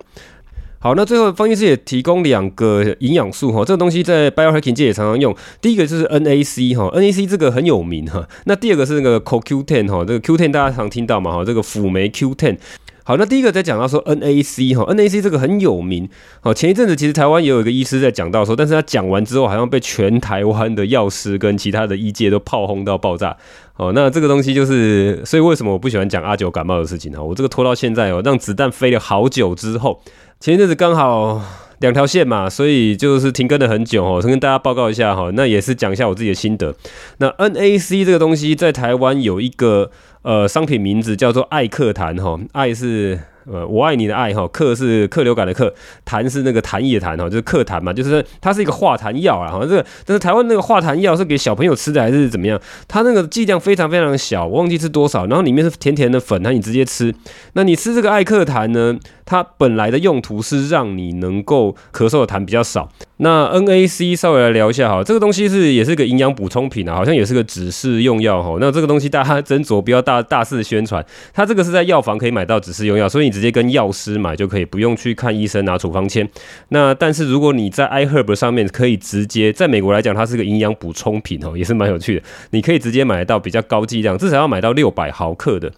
好，那最後方醫師也提供兩個營養素哈、哦，這個東西在 biohacking 界也常常用。第一個就是 NAC 哈、哦、，NAC 這個很有名哈、啊。那第二個是那個 CoQ10 哈、哦，這個 Q10 大家常聽到嘛哈、哦，這個輔酶 Q10。好，那第一個再講到說 NAC 哈，NAC 這個很有名。哦，前一陣子其實台灣也有一個醫師在講到說，但是他講完之後好像被全台灣的藥師跟其他的醫界都炮轟到爆炸。哦，那這個東西就是，所以為什麼我不喜歡講阿九感冒的事情哈。我這個拖到現在哦，讓子彈飛了好久之後，前一陣子剛好。兩條線嘛，所以就是停更了很久哦，先跟大家報告一下哈、哦。那也是講一下我自己的心得。那 NAC 這個東西在台灣有一個呃商品名字叫做愛克痰哈，愛是呃我愛你的愛哈、哦，克是克流感的克，痰是那個痰液痰哈，就是克痰嘛，就是它是一個化痰藥啊。好像這個，但是台灣那個化痰藥是給小朋友吃的還是怎麼樣？它那個劑量非常非常小，我忘記是多少。然後裡面是甜甜的粉，那你直接吃。那你吃這個愛克痰呢？它本來的用途，是讓你能夠咳嗽的痰比較少。那 NAC 稍微來聊一下哈，這個東西是也是個營養補充品啊，好像也是個指示用藥哈。那這個東西大家斟酌，不要大大肆宣傳。它這個是在藥房可以買到指示用藥，所以你直接跟藥師買就可以，不用去看醫生拿處方箋。那但是如果你在 iHerb 上面可以直接，在美國來講它是個營養補充品哦，也是蠻有趣的。你可以直接買到比較高劑量，至少要買到六百毫克的。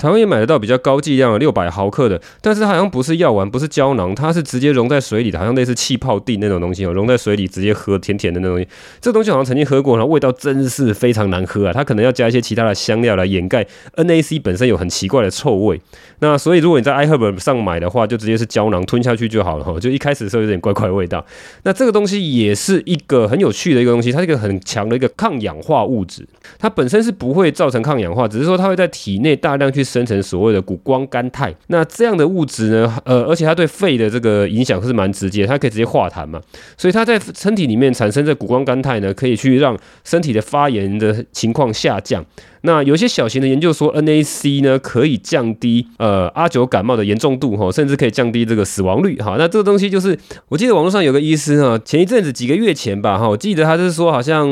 台灣也買得到比較高劑量的六百毫克的，但是好像不是藥丸，不是膠囊，它是直接溶在水裡的，好像類似氣泡錠那種東西哦，溶在水裡直接喝，甜甜的那種東西。這個、東西好像曾經喝過，然後味道真是非常難喝啊！它可能要加一些其他的香料來掩蓋 NAC 本身有很奇怪的臭味。那所以如果你在 iHerb 上買的話，就直接是膠囊吞下去就好了哈。就一開始的時候有點怪怪的味道。那這個東西也是一個很有趣的一個東西，它是一個很強的一個抗氧化物質，它本身是不會造成抗氧化，只是說它會在體內大量去。生成所謂的谷胱甘肽，那這樣的物質呢，呃，而且它對肺的這個影響是蠻直接，它可以直接化痰嘛。所以它在身體裡面產生的谷胱甘肽呢，可以去讓身體的發炎的情況下降。那有些小型的研究說，NAC 呢可以降低呃阿九感冒的嚴重度哈，甚至可以降低這個死亡率哈。那這個東西就是，我記得網絡上有個醫師哈，前一陣子幾個月前吧哈，我記得他是說好像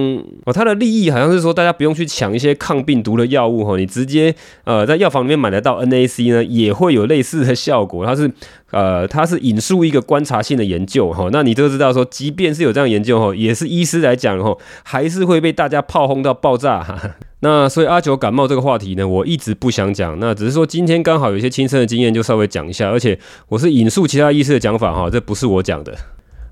哦他的立意好像是說大家不用去搶一些抗病毒的藥物哈，你直接呃在藥房裡面買得到 NAC 呢也會有類似的效果，他是。呃，他是引述一個觀察性的研究哈，那你就知道說，即便是有這樣研究哈，也是醫師來講哈，還是會被大家炮轟到爆炸哈。 那所以阿九感冒這個話題呢，我一直不想講，那只是說今天剛好有一些親身的經驗，就稍微講一下，而且我是引述其他醫師的講法哈，這不是我講的。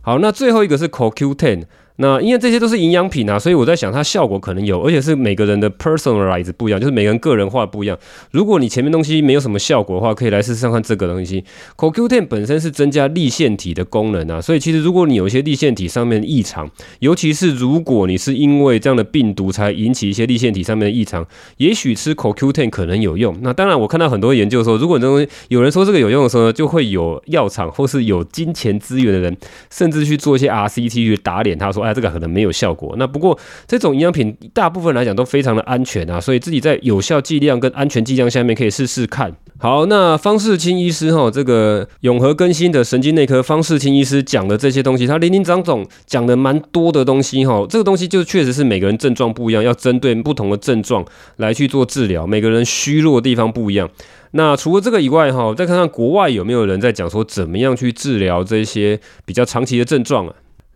好，那最後一個是 CoQ10。那因為這些都是營養品啊，所以我在想它效果可能有，而且是每個人的 personalized 不一樣，就是每個人個人化不一樣。如果你前面東西沒有什麼效果的話，可以來試試看這個東西。CoQ10 本身是增加粒線體的功能啊，所以其實如果你有一些粒線體上面異常，尤其是如果你是因為這樣的病毒才引起一些粒線體上面的異常，也許吃 CoQ10 可能有用。那當然，我看到很多研究說，如果東西有人說這個有用的時候呢，就會有藥廠或是有金錢資源的人，甚至去做一些 RCT 去打臉，他說。哎，這個可能沒有效果。那不過這種營養品，大部分來講，都非常的安全啊，所以自己在有效劑量跟安全劑量下面可以試試看。好，那方識欽醫師哈、哦，這個永和更新的神經內科方識欽醫師講的這些東西，他林林總總講的蠻多的東西哈、哦。這個東西就確實是每個人症狀不一樣，要針對不同的症狀來去做治療，每個人虛弱的地方不一樣。那除了這個以外哈、哦，再看看國外有沒有人在講說怎麼樣去治療這些比較長期的症狀啊？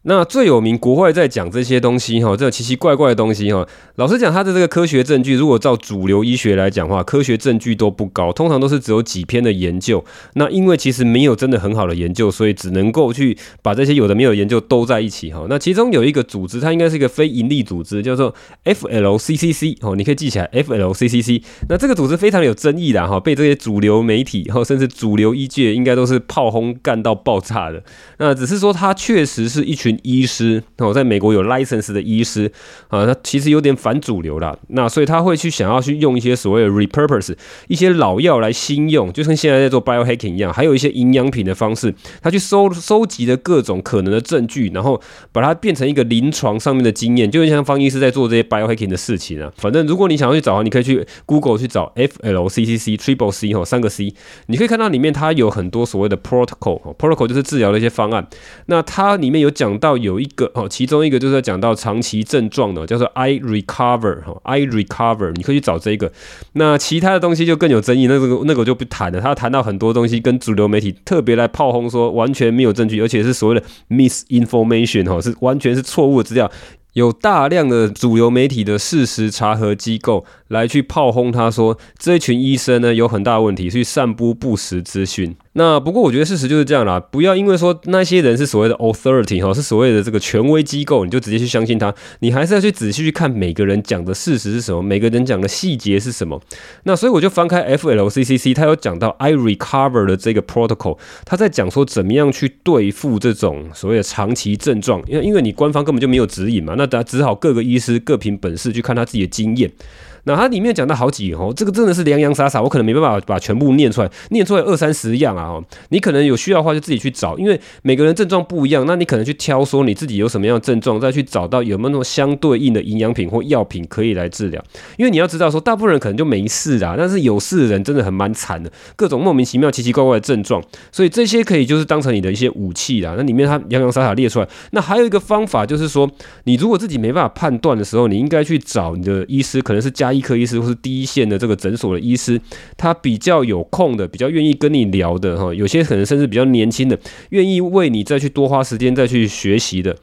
那最有名，國外在講這些東西哈、哦，這奇奇怪怪的東西哈、哦。老實講，他的這個科學證據，如果照主流醫學來講的話，科學證據都不高，通常都是只有幾篇的研究。那因為其實沒有真的很好的研究，所以只能夠去把這些有的沒有的研究兜在一起哈。那其中有一個組織，它應該是一個非盈利組織，叫做 FLCCC 哦，你可以記起來 FLCCC。那這個組織非常有爭議的哈，被這些主流媒體和甚至主流醫界應該都是炮轟幹到爆炸的。那只是說，它確實是一群。醫師，那我在美國有 license 的醫師啊，他其實有點反主流了，那所以他會去想要去用一些所謂的 repurpose 一些老藥來新用，就像現在在做 biohacking 一樣，還有一些營養品的方式，他去收收集的各種可能的證據，然後把它變成一個臨床上面的經驗，就像方醫師在做這些 biohacking 的事情啊。反正如果你想要去找，你可以去 Google 去找 FLCCC、Triple C 哦，三個 C，你可以看到裡面它有很多所謂的 protocol，protocol protocol 就是治療的一些方案，那它裡面有講到，要有一個哦，其中一個就是要講到長期症狀的，叫做 I-RECOVER 哈，I-RECOVER，你可以去找這個。那其他的東西就更有爭議，那個那個我就不談了。他談到很多東西，跟主流媒體特別來炮轟，說完全沒有證據，而且是所謂的 misinformation 哈，是完全是錯誤的資料。有大量的主流媒體的事實查核機構來去炮轟，他說這群醫生呢有很大問題，去散播不實資訊。那不過我覺得事實就是這樣啦，不要因為說那些人是所謂的 authority 哈，是所謂的這個權威機構，你就直接去相信他，你還是要去仔細去看每個人講的事實是什麼，每個人講的細節是什麼。那所以我就翻開 FLCCC，他有講到 I-RECOVER 的這個 protocol，他在講說怎麼樣去對付這種所謂的長期症狀，因因為你官方根本就沒有指引嘛，那大家只好各個醫師各憑本事去看他自己的經驗。那它裡面講到好幾哦，這個真的是洋洋灑灑，我可能沒辦法把全部念出來，念出來二三十樣啊。你可能有需要的話就自己去找，因為每個人症狀不一樣，那你可能去挑說你自己有什麼樣的症狀，再去找到有沒有那種相對應的營養品或藥品可以來治療。因為你要知道說，大部分人可能就沒事啦，但是有事的人真的很蠻慘的，各種莫名其妙、奇奇怪怪的症狀，所以這些可以就是當成你的一些武器啦。那裡面它洋洋灑灑列出來，那還有一個方法就是說，你如果自己沒辦法判斷的時候，你應該去找你的醫師，可能是家他醫科醫師或是第一線的這個診所的醫師，他比較有空的，比較願意跟你聊的哈。有些可能甚至比較年輕的，願意為你再去多花時間，再去學習的。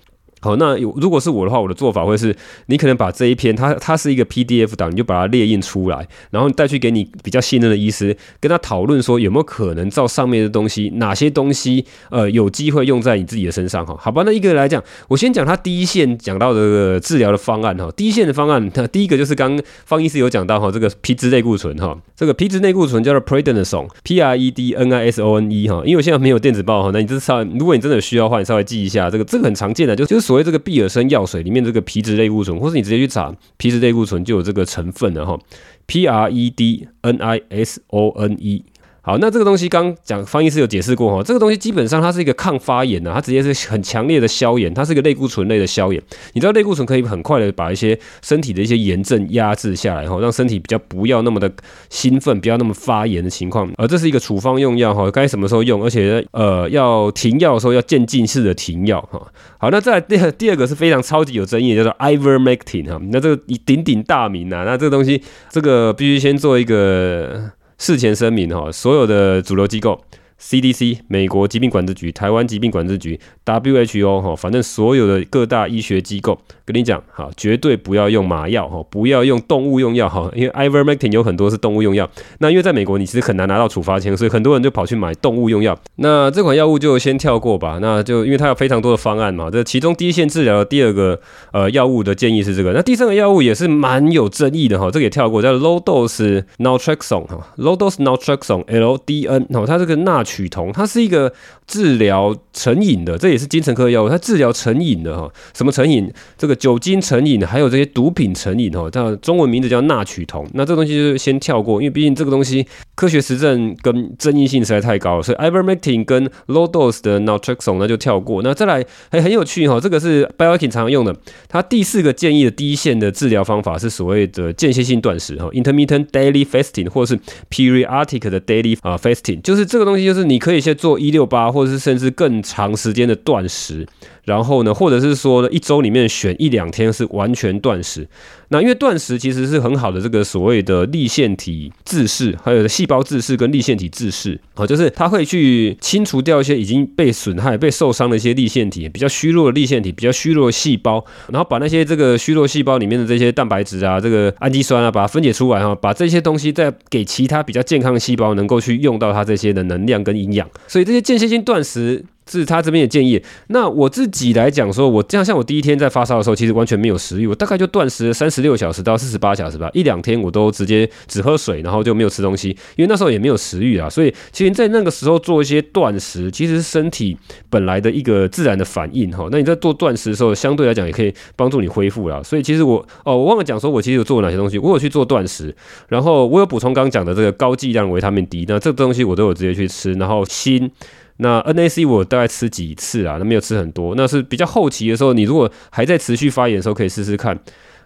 哦，那如果是我的話，我的做法會是，你可能把這一篇，它它是一個 PDF 檔，你就把它列印出來，然後你帶去給你比較信任的醫師，跟他討論說有沒有可能照上面的東西，哪些東西，呃，有機會用在你自己的身上哈。好吧，那一個來講，我先講他第一線講到的治療的方案哈，第一線的方案，它第一個就是剛方醫師有講到哈，這個皮質類固醇哈，這個皮質類固醇叫做 Prednisone，P-R-E-D-N-I-S-O-N-E 哈，因為我現在沒有電子報哈，那你這是稍，如果你真的有需要的話，你稍微記一下這個，這個很常見的，就就是所。所以這個畢爾生藥水裡面這個皮質類固醇，或是你直接去查皮質類固醇，就有這個成分了哈，prednisone。好，那這個東西剛講方醫師有解釋過哈，這個東西基本上它是一個抗發炎的，它直接是很強烈的消炎，它是一個類固醇類的消炎。你知道類固醇可以很快的把一些身體的一些炎症壓制下來哈，讓身體比較不要那麼的興奮，不要那麼發炎的情況。而這是一個處方用藥哈，該什麼時候用，而且呃要停藥的時候要漸進式的停藥哈。好，那再第第二個是非常超級有爭議的，叫做 Ivermectin 哈。那這個鼎鼎大名啊，那這個東西這個必須先做一個。事前聲明哈，所有的主流機構。CDC 美國疾病管制局、臺灣疾病管制局、WHO 哈、哦，反正所有的各大醫學機構跟你講，好，絕對不要用麻藥哈、哦，不要用動物用藥哈、哦，因為 ivermectin 有很多是動物用藥。那因為在美國你其實很難拿到處罰錢，所以很多人就跑去買動物用藥。那這款藥物就先跳過吧。那就因為它有非常多的方案嘛，這其中第一線治療的第二個呃藥物的建議是這個。那第三個藥物也是蠻有爭議的哈、哦，這個也跳過，叫 low dose naltrexone、哦哈，low dose naltrexone、哦 LDN 哈，它這個鈉。曲酮，它是一個治療成癮的，這也是精神科的藥物，它治療成癮的哈，什麼成癮？這個酒精成癮，還有這些毒品成癮哈。它中文名字叫納曲酮，那這個東西就先跳過，因為畢竟這個東西科學實證跟爭議性實在太高了。所以 Ivermectin 跟 low dose 的 naltrexone 那就跳過。那再來還很有趣哈，這個是 b e o k i n 常常用的，他第四個建議的第一線的治療方法是所謂的間歇性斷食哈，intermittent daily fasting 或者是 periodic 的 daily 啊 fasting，就是這個東西就是。是，你可以先做一六八，或者是甚至更長時間的斷食。然後呢，或者是說呢，一周裡面選一兩天是完全斷食，那因為斷食其實是很好的，這個所謂的粒線體自噬，還有細胞自噬跟粒線體自噬，好,就是它會去清除掉一些已經被損害、被受傷的一些粒線體，比較虛弱的粒線體、比較虛弱的細胞，然後把那些這個虛弱細胞裡面的這些蛋白質啊、這個氨基酸啊，把它分解出來哈，把這些東西再給其他比較健康的細胞能夠去用到它這些的能量跟營養，所以這些間歇性斷食。是他這邊的建議。那我自己來講說，我這樣像我第一天在發燒的時候，其實完全沒有食慾，我大概就斷食三十六小時到四十八小時吧，一兩天我都直接只喝水，然後就沒有吃東西，因為那時候也沒有食慾啊。所以，其實在那個時候做一些斷食，其實身體本來的一個自然的反應哈。那你在做斷食的時候，相對來講也可以幫助你恢復了。所以，其實我哦，我忘了講說，我其實有做哪些東西。我有去做斷食，然後我有補充剛講的這個高劑量維他命 D，那這個東西我都有直接去吃，然後鋅。那 NAC 我大概吃幾次啊？那沒有吃很多，那是比較後期的時候。你如果還在持續發炎的時候，可以試試看。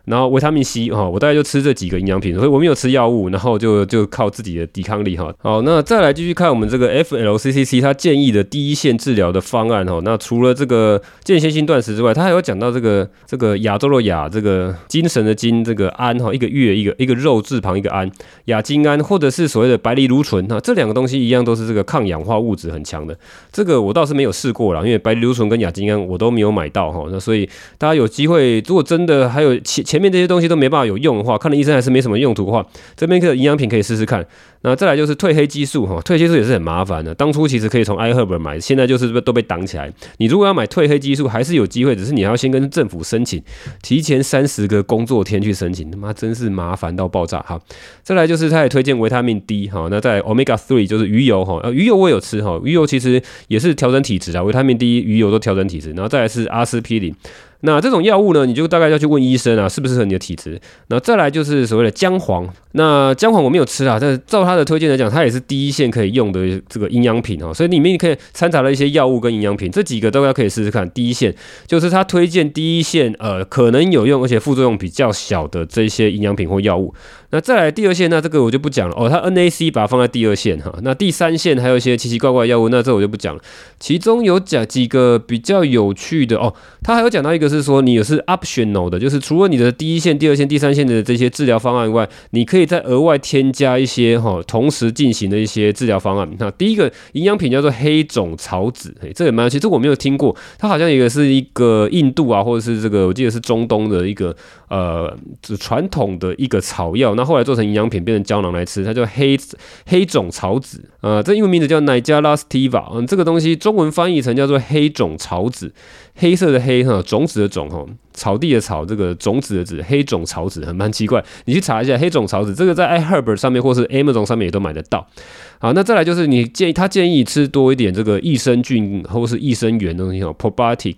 然後維他命 C 啊，我大概就吃這幾個營養品，所以我們有吃藥物，然後就就靠自己的抵抗力哈。好，那再來繼續看我們這個 FLCCT，它建議的第一線治療的方案哦。那除了這個間歇性斷食之外，它還有講到這個這個亞洲的亞，這個精神的精，這個胺哈，一個月一個一個肉字旁一個胺，亞精胺或者是所謂的白藜蘆醇哈，這兩個東西一樣都是這個抗氧化物質很強的。這個我倒是沒有試過了，因為白藜蘆醇跟亞精胺我都沒有買到哈。那所以大家有機會，如果真的還有前前。前面這些東西都沒辦法有用的話，看了醫生還是沒什麼用途的話，這邊的營養品可以試試看。那再來就是褪黑激素哈，褪黑素也是很麻煩的。當初其實可以從 iHerb 買，現在就是都被擋起來。你如果要買褪黑激素，還是有機會，只是你要先跟政府申請，提前三十個工作天去申請。他媽真是麻煩到爆炸哈！再來就是他也推薦維他命 D 哈，那在 Omega Three 就是魚油哈、呃，魚油我有吃哈，魚油其實也是調整體質啊。維他命 D、魚油都調整體質。然後再來是阿司匹林，那這種藥物呢，你就大概要去問醫生啊，適不適合你的體質。那再來就是所謂的薑黃，那薑黃我沒有吃啊，但照他的推薦來講，它也是第一線可以用的這個營養品哈，所以裡面可以摻雜了一些藥物跟營養品，這幾個都要可以試試看。第一線就是他推薦第一線，呃，可能有用而且副作用比較小的這些營養品或藥物。那再來第二線，那這個我就不講了哦。他 NAC 把它放在第二線哈。那第三線還有一些奇奇怪怪的藥物，那這我就不講了。其中有講幾個比較有趣的哦，他還有講到一個是說，你也是 optional 的，就是除了你的第一線、第二線、第三線的這些治療方案以外，你可以再額外添加一些哈。哦同時進行的一些治療方案。那第一個營養品叫做黑種草籽，欸、這也蠻有趣，這我沒有聽過。它好像也是一個印度啊，或者是這個我記得是中東的一個呃就傳統的一個草藥。那後,後來做成營養品，變成膠囊來吃，它叫黑黑種草籽啊、呃。這英文名字叫 Nigella sativa，嗯，這個東西中文翻譯成叫做黑種草籽。黑色的黑哈，種子的種哈，草地的草，這個種子的子，黑種草籽，很蠻奇怪。你去查一下黑種草籽，這個在 iHerb 上面或是 Amazon 上面也都買得到。好，那再來就是你建議他建議吃多一點這個益生菌或是益生元的東西哈，Probiotic。Popotic,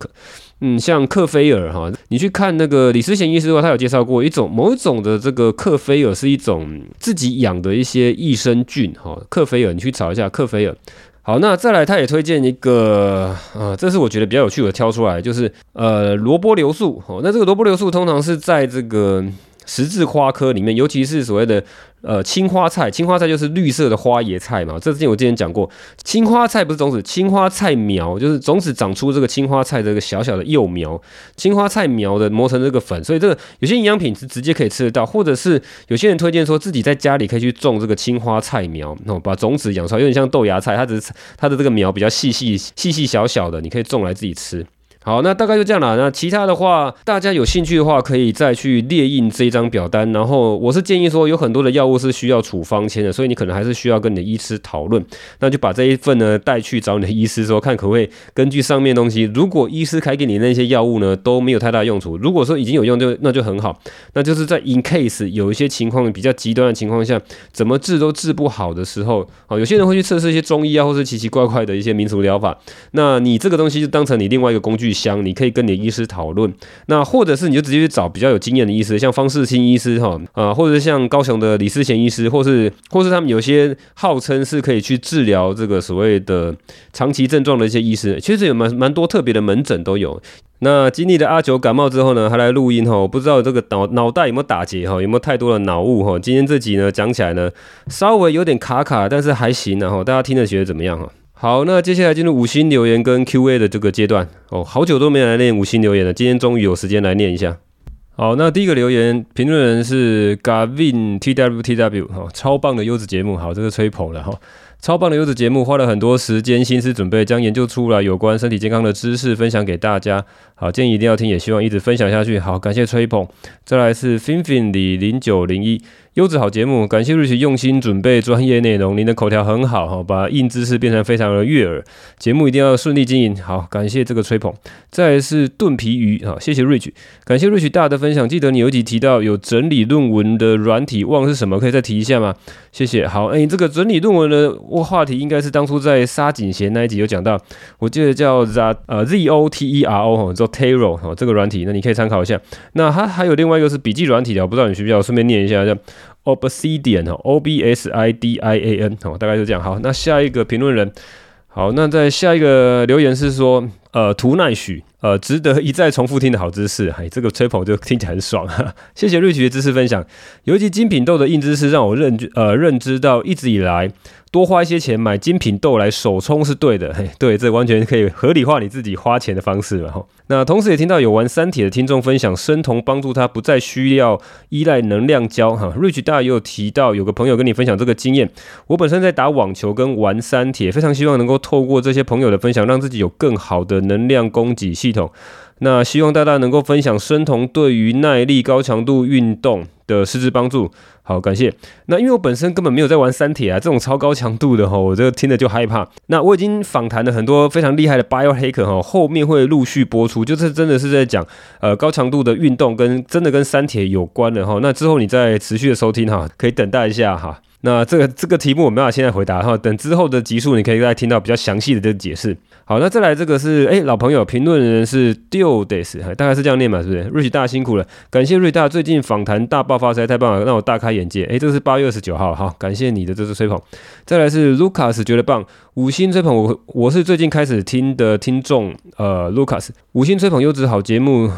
嗯，像克菲爾哈，你去看那個李思賢醫師的話，他有介紹過一種某一種的這個克菲爾是一種自己養的一些益生菌哈，克菲爾，你去查一下克菲爾。好，那再來，他也推薦一個，呃、啊，這是我覺得比較有趣的，挑出來，就是呃，蘿蔔硫素。哦，那這個蘿蔔硫素通常是在這個十字花科裡面，尤其是所謂的呃，青花菜，青花菜就是綠色的花椰菜嘛。這事情我之前講過，青花菜不是種子，青花菜苗就是種子長出這個青花菜這個小小的幼苗。青花菜苗的磨成這個粉，所以這個有些營養品是直接可以吃得到，或者是有些人推薦說自己在家裡可以去種這個青花菜苗，那把種子養出來，有點像豆芽菜，它只是它的這個苗比較細細細細小小的，你可以種來自己吃。好，那大概就這樣了。那其他的話，大家有興趣的話，可以再去列印這一張表單。然後我是建議說，有很多的藥物是需要處方簽的，所以你可能還是需要跟你的醫師討論。那就把這一份呢帶去找你的醫師說，說看可不可以根據上面的東西。如果醫師開給你那些藥物呢都沒有太大用處，如果說已經有用就，就那就很好。那就是在 in case 有一些情況比較極端的情況下，怎麼治都治不好的時候，好，有些人會去測試一些中醫啊，或者奇奇怪怪的一些民俗療法。那你這個東西就當成你另外一個工具，香，你可以跟你的醫師討論。那或者是你就直接去找比較有經驗的醫師，像方識欽醫師哈啊、呃，或者是像高雄的李思賢醫師，或是或是他們有些號稱是可以去治療這個所謂的長期症狀的一些醫師，其實有蠻蠻多特別的門診都有。那經歷了阿九感冒之後呢，還來錄音哈，不知道這個腦腦袋有沒有打結哈，有沒有太多的腦霧哈。今天這集呢，講起來呢，稍微有點卡卡，但是還行啊，然後大家聽得覺得怎麼樣哈？好，那接下來進入五星留言跟 Q A 的這個階段哦。好久都沒來念五星留言了，今天終於有時間來念一下。好，那第一個留言評論人是 Gavin TWTW 哈 TW,，超棒的優質節目。好，這個吹捧了哈，超棒的優質節目，花了很多時間心思準備，將研究出來有關身體健康的知識分享給大家。好，建議一定要聽，也希望一直分享下去。好，感謝吹捧。再來是 Finfin 李零九零一。優質好節目，感謝瑞 i 用心準備專業內容。您的口條很好哈，把硬知識變成非常的悅耳。節目一定要順利經營好，感謝這個吹捧。再來是燉皮魚哈，謝謝 Rich，感謝瑞 i 大的分享。記得你有一集提到有整理論文的軟體，忘是什麼，可以再提一下嗎？謝謝。好，哎，這個整理論文的話題應該是當初在沙井賢那一集有講到，我記得叫 Z 呃 Z O T E R O 哈，叫 Tero 哈，這個軟體，那你可以參考一下。那它還有另外一個是筆記軟體的，我不知道你需不需要，順便念一下。這樣 Obsidian O B S I D I A N 大概就這樣。好，那下一個評論人，好，那在下一個留言是說。呃，圖奈許，呃，值得一再重複聽的好知識，嘿、哎，這個吹捧就聽起來很爽哈。 謝謝瑞奇的知識分享，尤其精品豆的硬知識讓我認呃認知到，一直以來多花一些錢買精品豆來手沖是對的，嘿、哎，對，這個、完全可以合理化你自己花錢的方式嘛。哈，那同時也聽到有玩三鐵的聽眾分享，生酮幫助他不再需要依賴能量膠哈。瑞奇大家也有提到有個朋友跟你分享這個經驗，我本身在打網球跟玩三鐵，非常希望能夠透過這些朋友的分享，讓自己有更好的。能量供給系統，那希望大家能夠分享生酮對於耐力高強度運動的實質幫助。好，感謝。那因為我本身根本沒有在玩三鐵啊，這種超高強度的哈，我這個聽着就害怕。那我已經訪談了很多非常厲害的 biohacker 哈，後面會陸續播出，就是真的是在講呃高強度的運動跟真的跟三鐵有關的哈。那之後你再持續的收聽哈，可以等待一下哈。那這個這個題目我沒辦法現在回答哈，等之後的集數你可以再聽到比較詳細的這個解釋。好，那再來這個是哎老朋友評論人是 Dill Days，大概是這樣念吧？是不是？瑞大辛苦了，感謝瑞大最近訪談大爆發，實在太棒了，讓我大開眼界。哎，這個是八月二十九號，好，感謝你的這次吹捧。再來是 Lucas 覺得棒，五星吹捧我，我是最近開始聽的聽眾，呃，Lucas 五星吹捧優質好節目。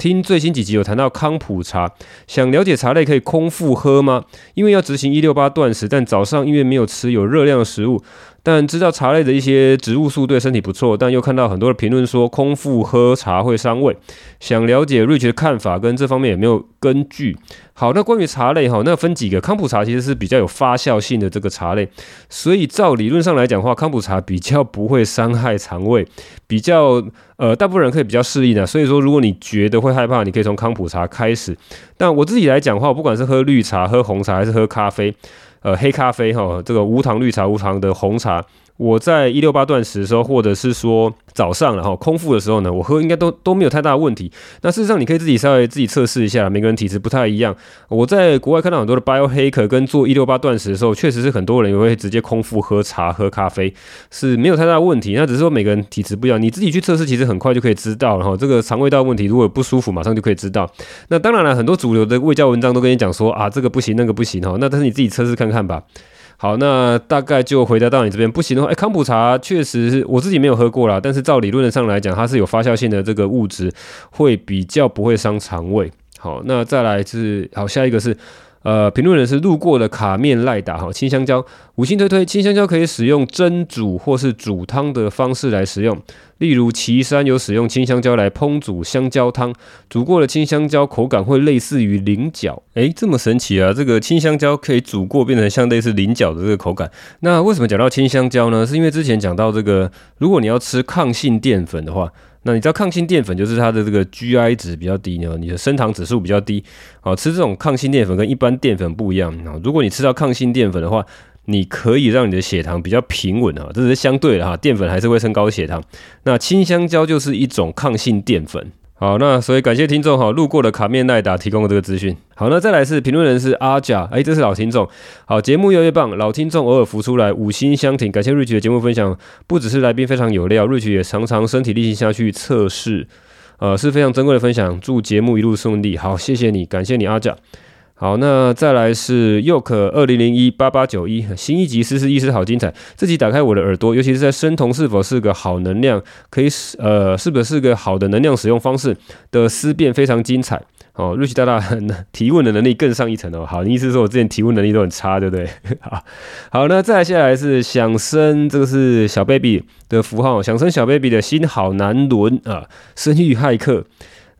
聽最新幾集有談到康普茶，想了解茶類可以空腹喝嗎？因為要執行一六八斷食，但早上因為沒有吃有熱量的食物。但知道茶類的一些植物素對身體不錯，但又看到很多的評論說空腹喝茶會傷胃，想了解 Rich 的看法跟這方面有沒有根據？好，那關於茶類哈，那分幾個。康普茶其實是比較有發酵性的這個茶類，所以照理論上來講話，康普茶比較不會傷害腸胃，比較呃大部分人可以比較適應的啊。所以說，如果你覺得會害怕，你可以從康普茶開始。但我自己來講話，我不管是喝綠茶、喝紅茶還是喝咖啡。黑咖啡哈，這個無糖綠茶、無糖的紅茶。我在一六八斷食的時候，或者是說早上然後空腹的時候呢，我喝應該都都沒有太大的問題。那事實上你可以自己稍微自己測試一下，每個人體質不太一樣。我在國外看到很多的 biohacker 跟做一六八斷食的時候，確實是很多人也會直接空腹喝茶喝咖啡，是沒有太大的問題。那只是說每個人體質不一樣，你自己去測試，其實很快就可以知道了。這個腸胃道問題如果有不舒服，馬上就可以知道。那當然了，很多主流的衛教文章都跟你講說啊，這個不行那個不行哈，那但是你自己測試看看吧。好，那大概就回答到你這邊。不行的話，欸，康普茶確實是，我自己沒有喝過啦，但是照理論上來講，它是有發酵性的這個物質，會比較不會傷腸胃。好，那再來就是，好，下一個是。呃，評論人是路過的卡面賴達哈，青香蕉五星推推，青香蕉可以使用蒸煮或是煮湯的方式來食用，例如岐山有使用青香蕉來烹煮香蕉湯，煮過的青香蕉口感會類似於菱角。誒，這麼神奇啊！這個青香蕉可以煮過變成像類似菱角的這個口感。那為什麼講到青香蕉呢？是因為之前講到這個，如果你要吃抗性澱粉的話。那你知道抗性澱粉就是它的這個 GI 值比較低呢，你的升糖指數比較低。啊，吃這種抗性澱粉跟一般澱粉不一樣啊。如果你吃到抗性澱粉的話，你可以讓你的血糖比較平穩啊，這只是相對的哈，澱粉還是會升高血糖。那青香蕉就是一種抗性澱粉。好，那所以感謝聽眾哈，路過的卡面耐打提供的這個資訊。好，那再來是評論人士阿甲，哎，這是老聽眾。好，節目越來越棒，老聽眾偶爾浮出來，五星相挺。感謝 Rich 的節目分享，不只是來賓非常有料，Rich 也常常身體力行下去測試，呃，是非常珍貴的分享。祝節目一路順利，好，謝謝你，感謝你，阿甲。好，那再來是又可二零零一八八九一新一集思思，思思醫師好精彩，自己打開我的耳朵，尤其是在生酮是否是個好能量，可以使呃是不是個好的能量使用方式的思辨非常精彩。哦，瑞奇大大提問的能力更上一層樓、哦。好，你意思是說我之前提問能力都很差，對不對？好，好，那再來下來是想生，這個是小 baby 的符號，想生小 baby 的心好難輪啊，生育駭客。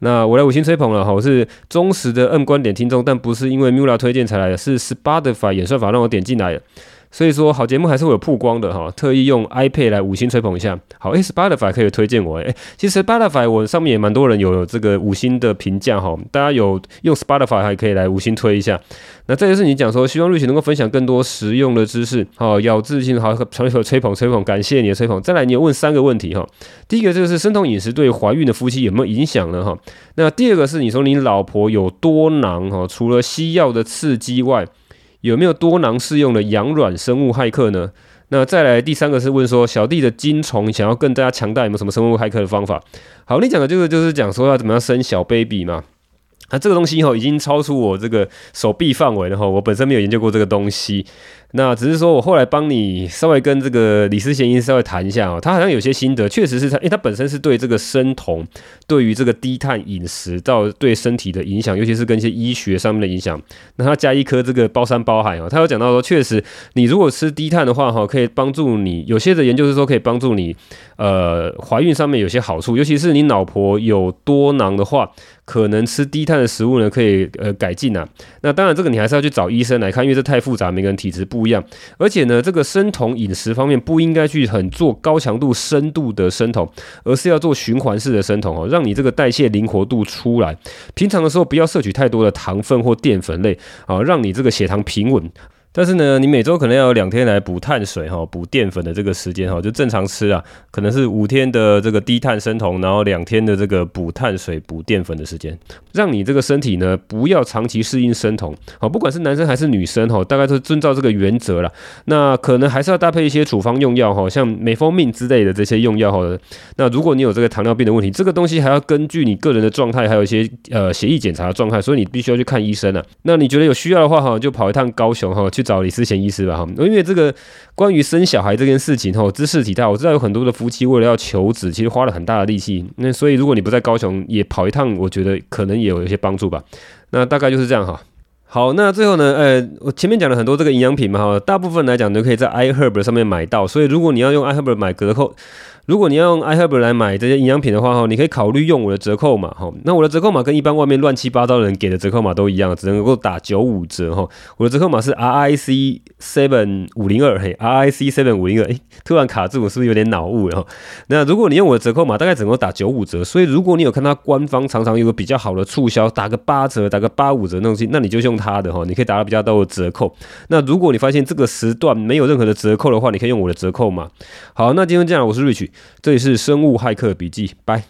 那我來五星吹捧了哈，我是忠實的按觀點聽眾，但不是因為 Mula 推薦才來的，是 Spotify 演算法讓我點進來的。所以說好節目還是會有曝光的哈，特意用 iPad 來五星吹捧一下。好，哎 Spotify 可以推薦我誒，誒，其實 Spotify 我上面也蠻多人有這個五星的評價哈，大家有用 Spotify 還可以來五星推一下。那這就是你講說希望瑞奇能夠分享更多實用的知識，咬自好，優質信，好，長吹捧吹捧，感謝你的吹捧。再來，你有問三個問題哈，第一個就是生酮飲食對懷孕的夫妻有沒有影響呢哈？那第二個是你說你老婆有多囊哈，除了西藥的刺激外。有沒有多囊適用的養卵生物駭客呢？那再來第三個是問說，小弟的精蟲想要更加強大，有沒有什麼生物駭客的方法？好，你講的就是就是講說要怎麼樣生小 baby 嘛？那、啊、這個東西後、哦、已經超出我這個手臂範圍了哈，我本身沒有研究過這個東西。那只是說我後來幫你稍微跟這個李思賢醫生稍微談一下哦。他好像有些心得，確實是他，因為他本身是對這個生酮。對於這個低碳飲食到對身體的影響，尤其是跟一些醫學上面的影響，那他加一顆這個包山包海啊，他有講到說，確實你如果吃低碳的話哈，可以幫助你有些的研究是說可以幫助你呃懷孕上面有些好處，尤其是你老婆有多囊的話，可能吃低碳的食物呢可以呃改進啊。那當然這個你還是要去找醫生來看，因為這太複雜，每個人體質不一樣。而且呢，這個生酮飲食方面不應該去很做高強度、深度的生酮，而是要做循環式的生酮哦，讓。讓你這個代謝靈活度出來，平常的時候不要攝取太多的糖分或澱粉類啊，讓你這個血糖平穩。但是呢，你每週可能要有兩天來補碳水哈，補澱粉的這個時間哈，就正常吃啊，可能是五天的這個低碳生酮，然後兩天的這個補碳水補澱粉的時間，讓你這個身體呢不要長期適應生酮。好，不管是男生還是女生哈，大概都遵照這個原則了。那可能還是要搭配一些處方用藥哈，像 Metformin 之類的這些用藥哈。那如果你有這個糖尿病的問題，這個東西還要根據你個人的狀態，還有一些呃血液檢查的狀態，所以你必須要去看醫生啊。那你覺得有需要的話哈，就跑一趟高雄哈去。找李思賢醫師吧哈，因為這個關於生小孩這件事情哈，知識體態，我知道有很多的夫妻為了要求子，其實花了很大的力氣。那所以如果你不在高雄也跑一趟，我覺得可能也有一些幫助吧。那大概就是這樣哈。好，那最後呢，呃，我前面講了很多這個營養品嘛哈，大部分來講都可以在 iHerb 上面買到，所以如果你要用 iHerb 買折扣。如果你要用 iHerb 來買這些營養品的話，哈，你可以考慮用我的折扣碼，哈。那我的折扣碼跟一般外面亂七八糟的人給的折扣碼都一樣，只能夠打九五折，哈。我的折扣碼是 RIC7502，嘿，RIC7502，哎，突然卡住，我是不是有點腦霧了？哈。那如果你用我的折扣碼，大概只能夠打九五折。所以如果你有看它官方常常有個比較好的促銷，打個八折，打個八五折那種東西，那你就用它的，哈。你可以打到比較多的折扣。那如果你發現這個時段沒有任何的折扣的話，你可以用我的折扣碼。好，那今天這樣，我是 Rich。這裡是生物駭客筆記，掰。